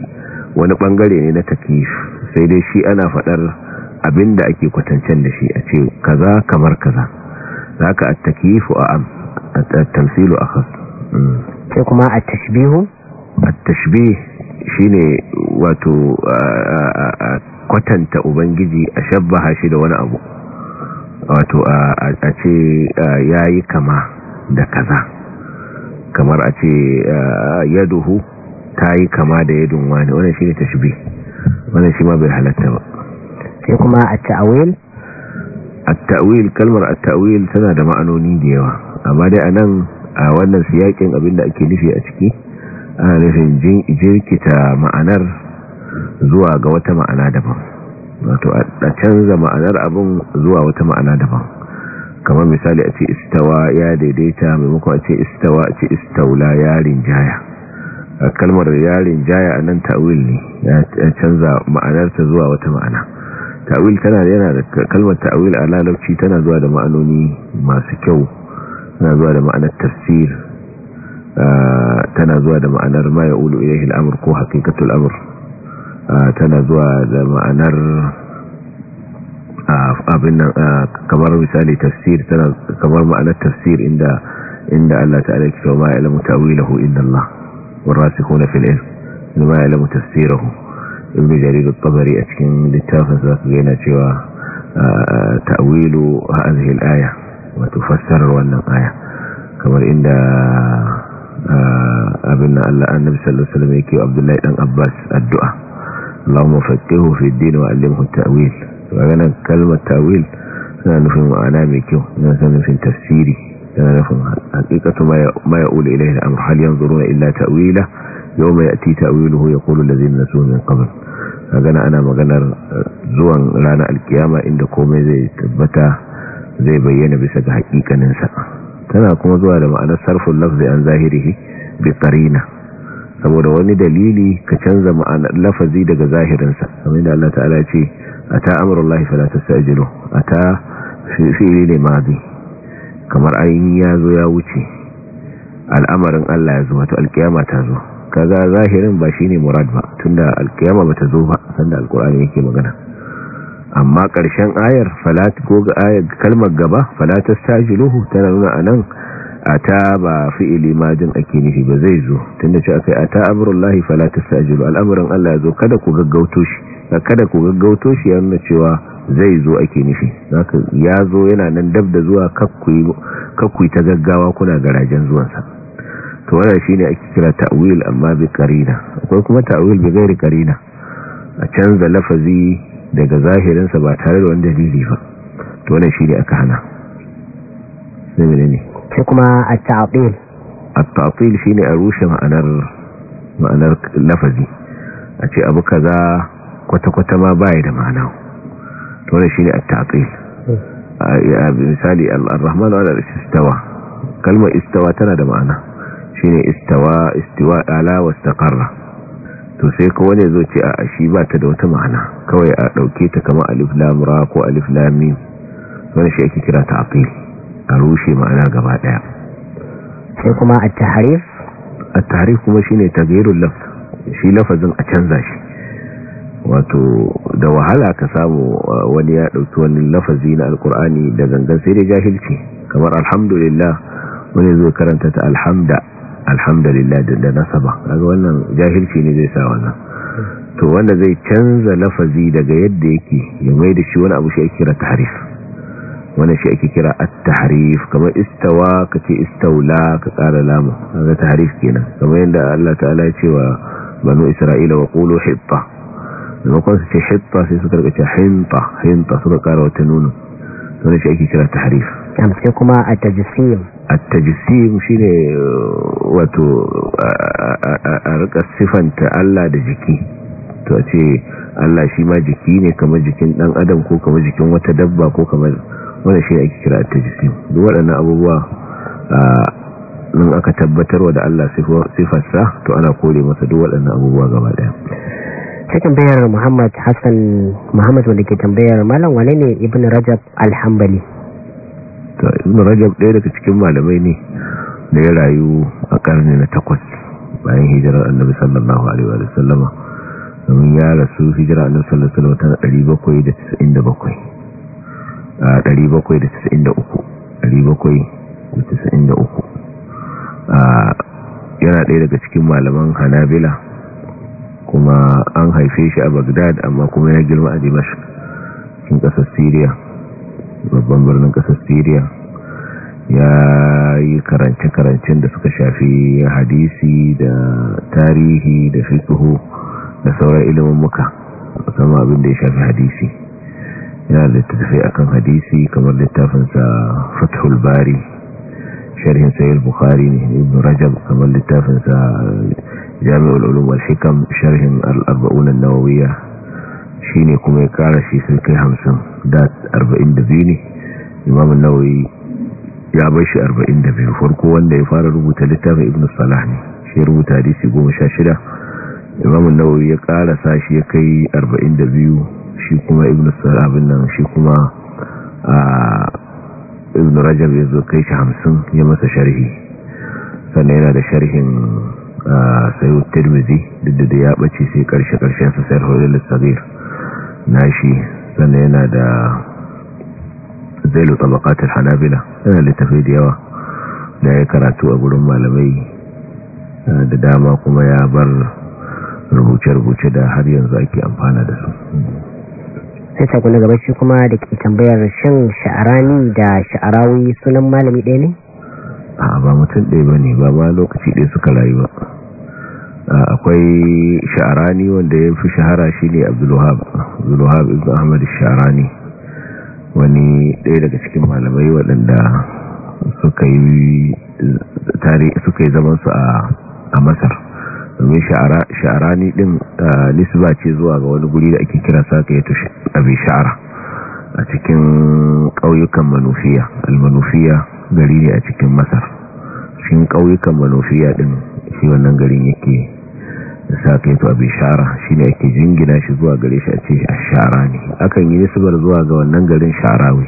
wani bangare ne na takif sai dai shi ana fadar abinda ake kwatancen da shi a ce kaza kamar kaza za ka a at-takyifu am at-tamthilu akhas mm. sai kuma at-tashbihu at-tashbih ne wato kwatanta ubangiji a shabbaha shi da wani abu wato a ce ya yi kama da kaza kamar a ce yaduhu ta yi kama da yadun wani Wani shi ne tashbih wani shi ma bai halatta ba sai kuma a ta'awil a ta'awil kalmar a ta'awil tana da ma'anoni da yawa amma dai a nan a wannan siyakin abinda ake nufi a ciki ana nufin jirkita ma'anar zuwa ga wata ma'ana daban wato a canza ma'anar abin zuwa wata ma'ana daban kamar misali a ce istawa ya daidaita maimakon a ce istawa a ce istaula yarin jaya a kalmar yarin jaya a nan ta'awil ne ya canza ma'anarta zuwa wata ma'ana ta'wil tana yana da kalmar ta'wil a larabci tana zuwa da ma'anoni masu kyau tana zuwa da ma'anar tafsir tana zuwa da ma'anar ma ya'ulu ilayhi al-amr ko haqiqatul amr tana zuwa da ma'anar abin nan kamar misali tafsir tana kamar ma'anar tafsir inda inda Allah ta'ala ya ce ma ya'lamu ta'wilahu illa Allah warasikuna fil ilm ma ya'lamu tafsirahu ibn jarir al-tabari a cikin littafin sa ga yana cewa ah, ah, ta'wilu hadhihi al-aya wato fassarar wannan aya kamar inda ah, abin Allah annabi sallallahu alaihi wasallam yake Abdullahi dan Abbas addu'a Allahumma faqihu fi ad-din wa 'allimhu ta'wil wannan kalmar ta'wil tana nufin ma'ana mai kyau tana nufin tafsiri tana nufin haqiqatu ma ya'ulu ilayhi al-amr hal yanzuruna illa ta'wila yau mai ati ta'wiluhu yaqulu zai nasu min qabl magana ana maganar zuwan ranar alkiyama inda komai zai tabbata zai bayyana bisa ga hakikanin sa tana kuma zuwa da ma'anar sarful lafzi an zahirihi bi qarina saboda wani dalili ka canza ma'anar lafazi daga zahirinsa kamar da Allah ta'ala ya ce ata amrullahi fala tastajilu ata fi'li ne madi kamar ayin ya zo ya wuce al'amarin Allah ya zo wato alkiyama ta zo kaga zahirin ba shi ne murad ba tunda alkiyama bata zo ba sanda alkur'ani yake magana amma karshen ayar falat ko ga ayar kalmar gaba falat tana nuna anan ata ba fi'ili madin ake nufi ba zai zo tunda ce akai ata amrullahi fala al'amarin Allah ya kada ku gaggauto shi kada ku gaggauto shi ya nuna cewa zai zo ake nufi zaka yazo yana nan dab da zuwa kakkuyi kakkuyi ta gaggawa kuna garajen zuwansa to wannan shine ake kira ta'wil amma bi qarina akwai kuma ta'wil bi ghairi qarina a canza lafazi daga zahirin sa ba tare da wani dalili ba to wannan shine aka hana ne ne sai kuma at-ta'til at-ta'til shine a rushe ma'anar ma'anar lafazi a ce abu kaza kwata-kwata ma bai da ma'ana to wannan shine at-ta'til hmm. misali al-rahman ala al-istawa kalmar istawa tana da ma'ana shine ne istiwa ala wastaqarra to sai ko wani zo ce a shi ba ta da wata ma'ana kawai a ɗauke ta kamar alif lamura ko alif lam wani shi ake kira ta'til a rushe ma'ana gaba ɗaya sai kuma a tahrif at-tahrif kuma shine taghyirul lafz shi lafazin a canza shi wato da wahala ka samu wani ya ɗauki wani lafazi na alkur'ani da gangan sai dai jahilci kamar alhamdulillah wani zo karanta ta alhamda alhamdulillah da nasaba kaga wannan jahilci ne zai sa wannan to wanda zai canza lafazi daga yadda yake ya mai da shi wani abu shi ake kira tahrif Wani shi ake kira at-tahrif kamar istawa kace istawla ka tsara lamu kaga tahrif kenan kamar yadda Allah ta'ala ya ce wa banu isra'ila wa qulu hitta su ce hitta sai suka rika ce hinta hinta suka kara wata nuna Wani shi ake kira tahrif kuma a tajsim at-tajsim shine wato a rika sifanta Allah da jiki to ce Allah shi ma jiki ne kamar jikin dan adam ko kamar jikin wata dabba ko kamar wanda shi ake kira at-tajsim duk waɗannan abubuwa in aka tabbatarwa da Allah sifarsa to ana kore masa duk waɗannan abubuwa gaba ɗaya ta tambayar Muhammad Hassan Muhammad wanda ke tambayar Malam wane ne Ibn Rajab Al-Hanbali ta ibn rajab ɗaya daga cikin malamai ne da ya rayu a karni na takwas bayan hijirar annabi sallallahu alaihi wa sallama domin ya rasu hijirar annabi sallallahu alaihi wa sallama tana bakwai a ɗari bakwai da da uku bakwai uku yana ɗaya daga cikin malaman hanabila kuma an haife shi a bagdad amma kuma ya girma a dimashi cikin ƙasar syria babban birnin kasar syria ya yi karance-karancen da suka shafi hadisi da tarihi da fikihu da sauran ilimin muka kama abin da ya shafi hadisi yana da littattafai akan hadisi kamar littafinsa fathul bari sharhin sayil bukhari ne ibn rajab kamar littafinsa jami'ul ulum wal hikam sharhin al-arba'un nawawiyya shine kuma ya kara shi sun kai hamsin da arba'in da biyu ne imamun Nauyi ya bar shi arba'in da biyu farko wanda ya fara rubuta littafin ibn salah ne shi ya rubuta hadisi goma sha shida imamun Nauyi ya kara sa shi ya kai arba'in da biyu shi kuma ibn salah abin nan shi kuma ibn rajab ya zo kai shi hamsin ya masa sharhi sannan yana da sharhin sayo tirmizi duk da ya ɓace sai ƙarshe-ƙarshen su sayar hulun lissagir nashi sannan yana da zailu tabakatul hanabila yana littafi da yawa da ya karatu a wurin malamai eh, da dama kuma ya bar rubuce-rubuce da har yanzu ake amfana da su sai sako na gaba shi kuma da ke tambayar shan sha'arani da sha'arawi sunan malami ɗaya ne? a ba mutum ɗaya ba ne ba ma lokaci ɗaya suka rayu ba akwai sha'arani wanda ya fi shahara shi ne abdullahab abdullahab ibn ahmad sha'arani wani ɗaya daga cikin malamai waɗanda suka yi zamansu a masar domin sha'arani ɗin nisba ce zuwa ga wani guri da ake kira saka ya tushe abin sha'ara a cikin ƙauyukan manufiya almanufiya gari ne a cikin masar cikin ƙauyukan manufiya ɗin shi wannan garin yake saƙaitu abin shara shi ne ake jingina shi zuwa gare shi a ce a shara ne akan yi nisibar zuwa ga wannan garin sharawi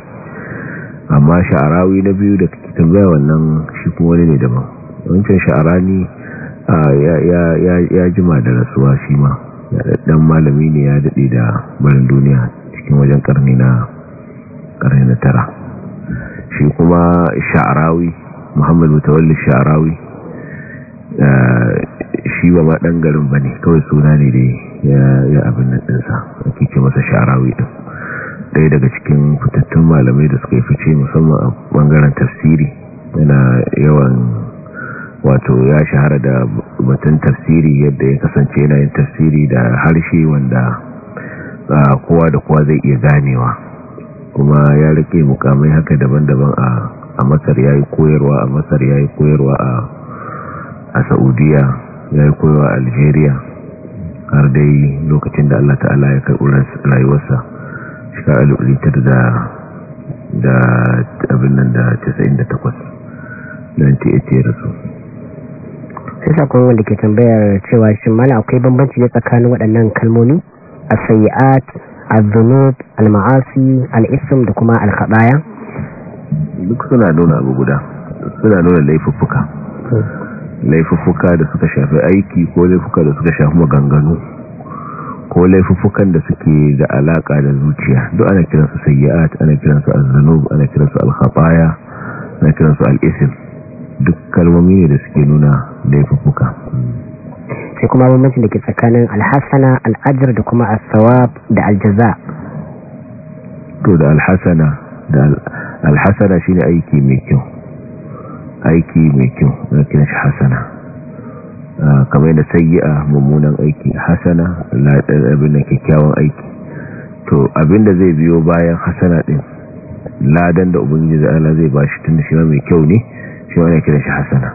amma sharawi na biyu da tambaya wannan shi kuma wani ne daban wancan sharani ya jima da rasuwa shi ma dan malami ne ya daɗe da barin duniya cikin wajen karni na karni na tara shi kuma sharawi muhammadu mutawalli sharawi eh, shi ba ma ɗan garin ba ne kawai suna ne da ya yi abin nan ɗinsa a kike masa sha'arawi ɗin ɗaya daga cikin fitattun malamai da suka yi fice musamman a ɓangaren tafsiri yana yawan wato ya shahara da batun tafsiri yadda ya kasance yana yin tafsiri da harshe wanda kowa da kowa zai iya ganewa kuma ya rike mukamai haka daban-daban a masar ya yi koyarwa a masar ya yi koyarwa a saudiya ya yi koyawa algeria har dai lokacin da allah ta'ala ya kai rayuwarsa shiga al'ulitar da da abin nan da 98 98 ya rasu sai sakon wanda ke tambayar cewa shi mana akwai bambanci ne tsakanin waɗannan kalmomi a sayi'at al-zunub al-ma'asi al isim da kuma al kaɗaya duk suna nuna abu guda suna nuna laifuffuka hmm. laifuffuka da suka shafi aiki ko laifuka da suka shafi maganganu ko laifuffukan da suke da alaka da zuciya duk ana su sayyi'at ana su az-zunub ana su al-khataya ana su al ithm duk kalmomi ne da suke nuna laifuffuka sai kuma bambancin da ke tsakanin al-hasana al-ajr da kuma as-sawab da al-jaza to da al-hasana da al-hasana shine aiki mai kyau aiki mai kyau na kiran shi hasana ah, kamar yadda sayyi'a mummunan aiki hasana abin da kyakkyawan aiki to abin da zai biyo bayan hasana ɗin, ladan da ubangiji da ala zai bashi tun shi mai kyau ne shi wani kiran shi hasana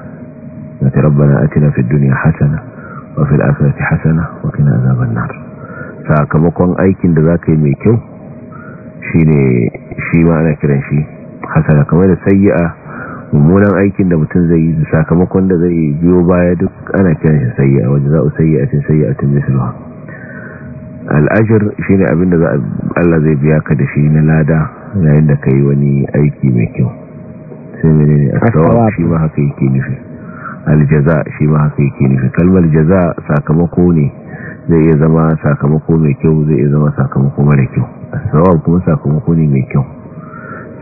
na a atina fi duniya hasana wa fi akhirati hasana wa kina zaben nar sakamakon aikin da za ka yi mai kyau ne shi ma ana kiran shi hasana kamar da sayyi'a mummunan aikin da mutum zai yi sakamakon da zai biyo baya duk ana kiran shi sayi a wajen za'u sayi a cin sayi a tun misalwa al'ajir shi ne abinda Allah zai biya ka da shi na lada yayin da ka yi wani aiki mai kyau sai mene ne asawa shi ma haka yake nufi aljaza shi ma haka yake nufi kalmar jaza sakamako ne zai iya zama sakamako mai kyau zai iya zama sakamako mara kyau A asawa kuma sakamako ne mai kyau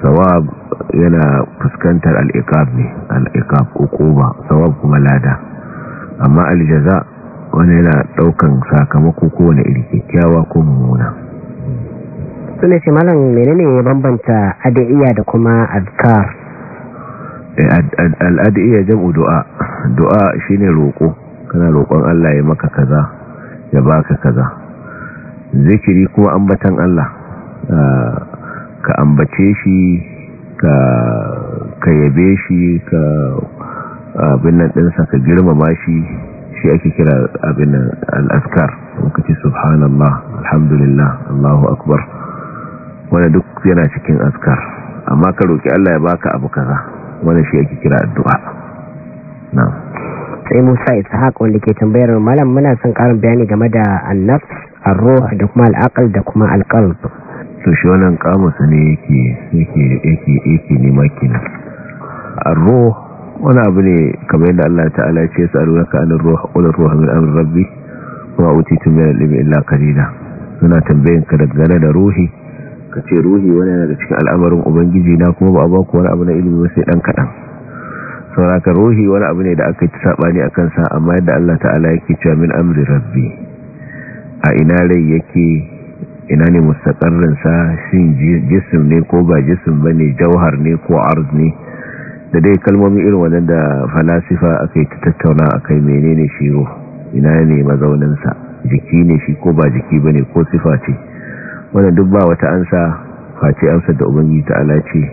sawab yana fuskantar al'iqab ne al'iqab ukuba sawab kuma lada amma aljaza wani yana ɗaukan sakamako kowane iri kyakkyawa ko mummuna suna ce malam menene ya bambanta addu'a da kuma azkar eh, al'adiyya jam'u du'a du'a shine roƙo kana roƙon Allah ya maka kaza ya baka kaza zikiri kuma ambatan Allah ah, ka ambace shi ka yabe shi ka abin ɗinsa ka girmama shi shi ake kira abin nan al'askar subhanallah alhamdulillah allahu akbar wani duk yana cikin askar amma ka roƙi Allah ya baka abu kaza wani shi ake kira addu'a na sai Musa haka wanda ke tambayar malam muna son karin bayani game da an ruh da kuma al da kuma al to shi wannan kamusa ne yake yake yake yake ne makina arro wani abu ne kamar yadda Allah ta'ala ya ce ka an ruh qul ruh min amr rabbi wa utitu min al-ilmi illa qalila suna tambayin ka gane da ruhi ka ce ruhi wani yana da cikin al'amarin ubangiji na kuma ba a ba ku wani abu na ilimi ba sai dan kadan sauraka ruhi wani abu ne da aka yi sabani akan sa amma yadda Allah ta'ala yake cewa min amri rabbi a ina rai yake ina ne sa shin jisim ne ko ba jisim bane jawhar ne ko arz ne da dai kalmomi irin waɗanda falasifa aka ta tattauna akai menene shi ruh ina ne sa jiki ne shi ko ba jiki bane ko sifa ce wannan duk ba wata ansa face ansa da ubangi ta ala ce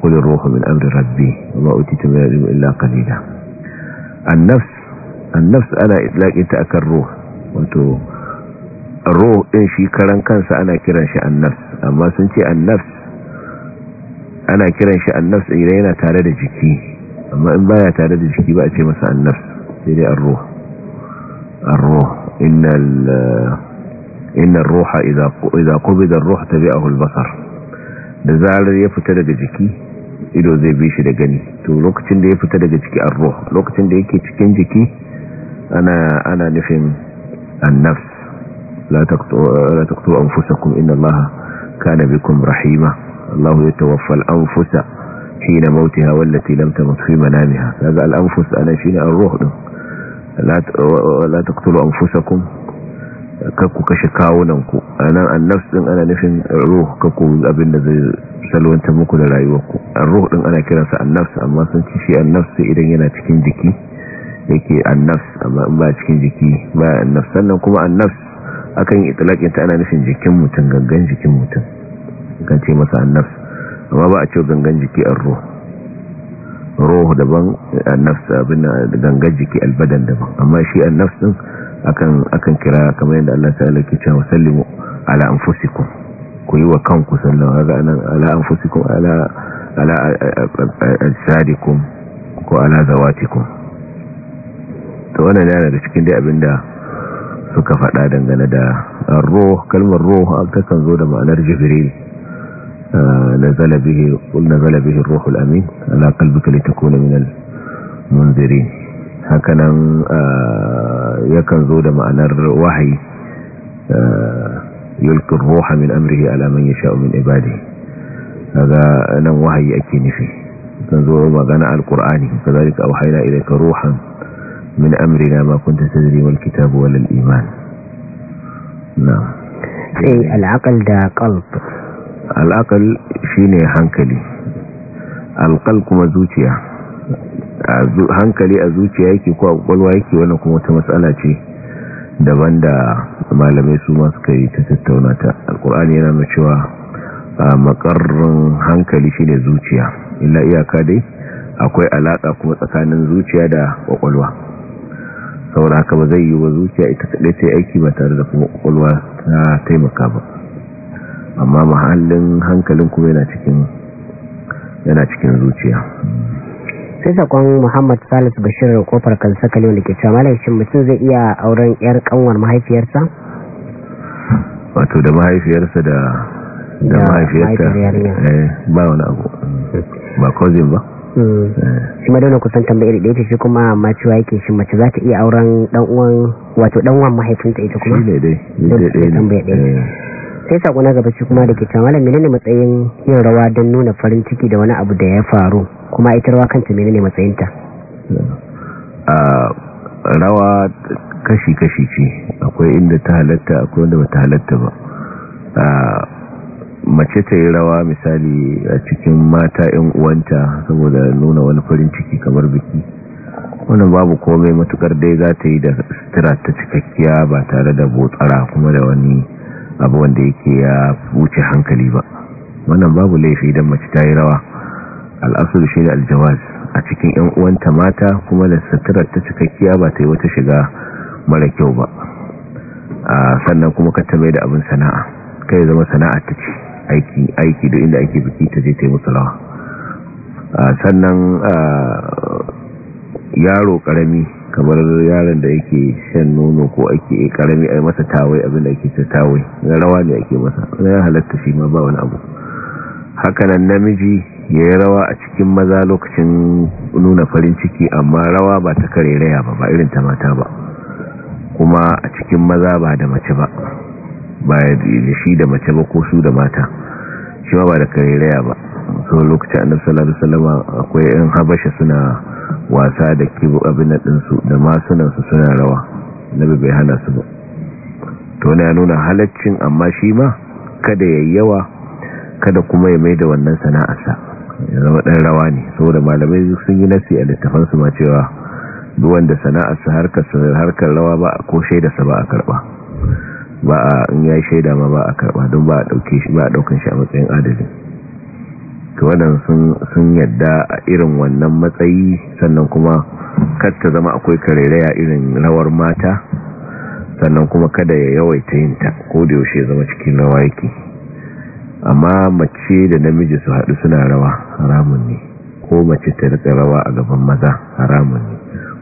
kulin ruhu min amri rabbi wa utitu min ilmi illa qalila an-nafs an-nafs ana itlaqinta akan ruh wato roh ɗin shi karan kansa ana kiran shi annafs amma sun ce annafs ana kiran shi annafs idan yana tare da jiki amma in baya tare da jiki ba a ce masa annafs sai dai arruh arruh innal innar ruha idza idza qubida ar-ruh tabi'ahu al-basar da zarar ya fita daga jiki ido zai bi shi da gani to lokacin da ya fita daga jiki arruh lokacin da yake cikin jiki ana ana nufin annafs la taqtu anfusakum inna allaha kana bikum rahima allahu yatawaffa al-anfusa hina mautiha wallati lam tamut fi manamiha kaga al-anfus ana shine ar-ruh din la taqtulu anfusakum kakku kashe kawunan ku anan an-nafs din ana nufin ruh kakku abinda zai salwanta muku da rayuwarku ar-ruh din ana kiransa an-nafs amma sun ci shi idan yana cikin jiki yake an amma cikin jiki ba an sannan kuma an akan itlaqin ta ana nufin jikin mutum gangan jikin mutum kan ce masa annafs amma ba a ce gangan jiki an ruh ruh daban annafs abin gangan jiki albadan daban amma shi annafs din akan akan kira kamar yadda Allah ta'ala ke cewa sallimu ala anfusikum ku yi wa kanku sallama ga anan ala anfusikum ala ala ajsadikum ko ala zawatikum to wannan yana da cikin dai abinda suka fada dangane da roh kalmar roh takan zo da ma'anar jibril nazala bihi qul nazala bihi ar al amin ala qalbika litakuna min al-munzirin hakanan yakan zo da ma'anar wahyi yulqi ar-ruha min amrihi ala man yasha'u min ibadihi kaga nan wahyi ake nufi kan zo magana al-qur'ani kazalika awhayna ilayka ruhan min amrina ma kunta tadri kitabu wal iman na'am sai da qalb al'aqal shine hankali alqal kuma zuciya hankali a zuciya yake ko a kwakwalwa yake wannan kuma wata matsala ce daban da malamai su masu kai ta tattaunata. Al'ƙur'ani alkur'ani yana nuna cewa makarrin hankali shine zuciya illa iyaka dai akwai alaƙa kuma tsakanin zuciya da kwakwalwa saura haka ba zai yi wa zuciya ita kaɗai ta aiki ba tare da kuma ƙwaƙwalwa ta taimaka ba amma mahallin hankalin kuma yana cikin zuciya sai sakon muhammad salis bashir kofar sakali wanda ke cewa malaishin mutum zai iya auren yar kanwar mahaifiyarsa wato da mahaifiyarsa da mahaifiyarsa eh, ba wani abu ba kozin ba shi madana kusan tambayar da ita shi kuma amma cewa yake shi mace za ta iya auren dan uwan wato dan uwan mahaifinta ita kuma ne dai eh. sai sako na gaba shi kuma da ke cewa malam menene matsayin yin rawa don nuna farin ciki da wani abu da ya faru kuma ita rawa kanta menene matsayinta rawa kashi kashi ce akwai inda ta halatta akwai wanda ba ta halatta ba mace ta yi rawa misali a cikin mata 'yan uwanta saboda nuna wani farin ciki kamar biki wannan babu komai matukar dai za ta yi da sutura ta cikakkiya ba tare da botsara kuma da wani abu wanda yake ya wuce hankali ba wannan babu laifi idan mace ta yi rawa al'asur shi da aljawaz a cikin 'yan uwanta mata kuma da sutura ta cikakkiya ba ta yi wata shiga mara kyau ba sannan kuma ka tabai da abin sana'a kai zama sana'a ta ce aiki aiki da inda ake biki ta je ta yi musulawa sannan yaro karami kamar yaron da yake shan nono ko ake karami a yi masa tawai abinda ake ta tawai na rawa ne ake masa ya halatta shi ma ba wani abu hakanan namiji ya yi rawa a cikin maza lokacin nuna farin ciki amma rawa ba ta kare raya ba ba irin ta mata ba kuma a cikin maza ba da mace ba ba ya da shi da mace ba ko su da mata shi ba da karairaya ba so lokacin annabi sallallahu alaihi wasallam akwai yan habasha suna wasa da kibu abin din su da masunan su suna rawa na bai hana su ba to ya nuna halaccin amma shi ma kada yawa kada kuma ya mai da wannan sana'arsa ya zama dan rawa ne saboda malamai sun yi nasi a littafan su ma cewa duk wanda sana'arsa harkar rawa ba a shaida da sa ba a karba ba a in ya shaida ma ba a karba don ba a dauke shi ba a daukan shi a matsayin adalin to wadan sun sun yadda a irin wannan matsayi sannan kuma kar ta zama akwai kareraya irin rawar mata sannan kuma kada ya yawaita yin ta ko da yaushe zama cikin rawa yake amma mace da namiji su haɗu suna rawa haramun ne ko mace ta rika rawa a gaban maza haramun ne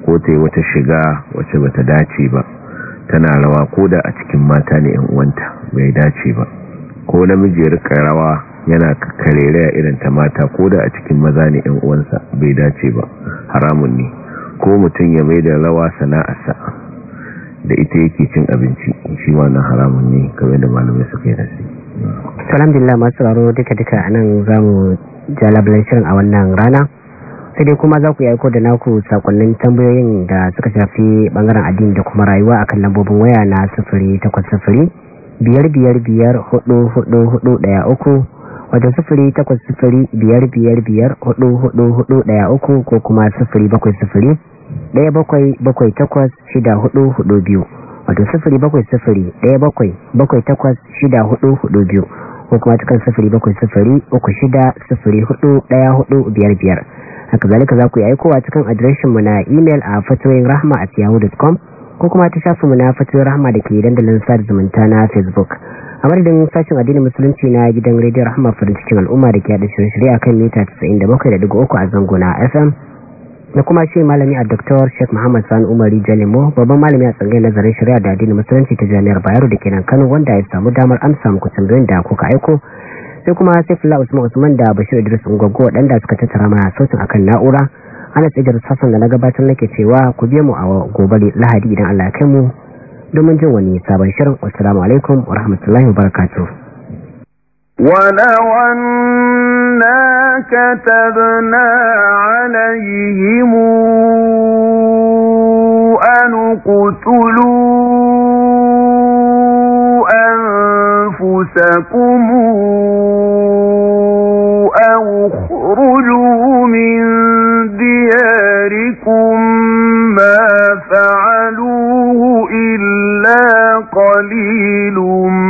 ko ta yi wata shiga wacce bata dace ba tana rawa ko da a cikin mata ne yan uwanta bai dace ba ko namiji ya rika rawa yana karere irin ta mata ko da a cikin maza ne yan uwansa bai dace ba haramun ne ko mutum ya mai da rawa sana'arsa da ita yake cin abinci shi na haramun ne kamar da malamai suka yi nasi alhamdulillah masu raro duka-duka anan zamu jalablan shirin a wannan rana sai dai kuma za ku yi aiko da naku sakonnin tambayoyin da suka shafi bangaren addini da kuma rayuwa a kan lambobin waya na sufuri takwas sufuri biyar biyar biyar hudu hudu hudu daya uku wata sufuri takwas sufuri biyar biyar biyar hudu hudu hudu daya uku ko kuma sufuri bakwai sufuri daya bakwai bakwai takwas shida hudu hudu biyu wato sufuri bakwai sufuri daya bakwai bakwai takwas shida hudu hudu biyu ko kuma cikin sufuri bakwai sufuri uku shida sufuri hudu daya hudu biyar biyar haka zalika za ku yi aikowa cikin adireshinmu na imel a fatoyin rahama a tiyahu.com ko kuma ta shafi mu na fatoyin rahama da ke dandalin sada zumunta na facebook a madadin sashen addinin musulunci na gidan rediyo rahama farin cikin al'umma da ke haɗa shirye a kan mita 97.3 a zango na fm na kuma shi malami a Dr. Sheikh Muhammad Sani Umari Jalimo babban malami a tsangayar nazarin shari'a da addinin musulunci ta Jami'ar Bayero da kenan Kano wanda ya samu damar amsa muku tambayoyin da kuka aiko sai kuma sai saifula usman usman da bashir idris gwaggo waɗanda suka tattara mana sautin akan na'ura ana tsajar sassan da na gabatar nake cewa ku biya mu a gobe lahadi idan allah ya kai mu domin jin wani sabon shirin assalamu alaikum wa rahmatullahi wa barakatu ولو أنا كتبنا عليهم أن أنفسكم أو اخرجوا من دياركم ما فعلوه إلا قليل منهم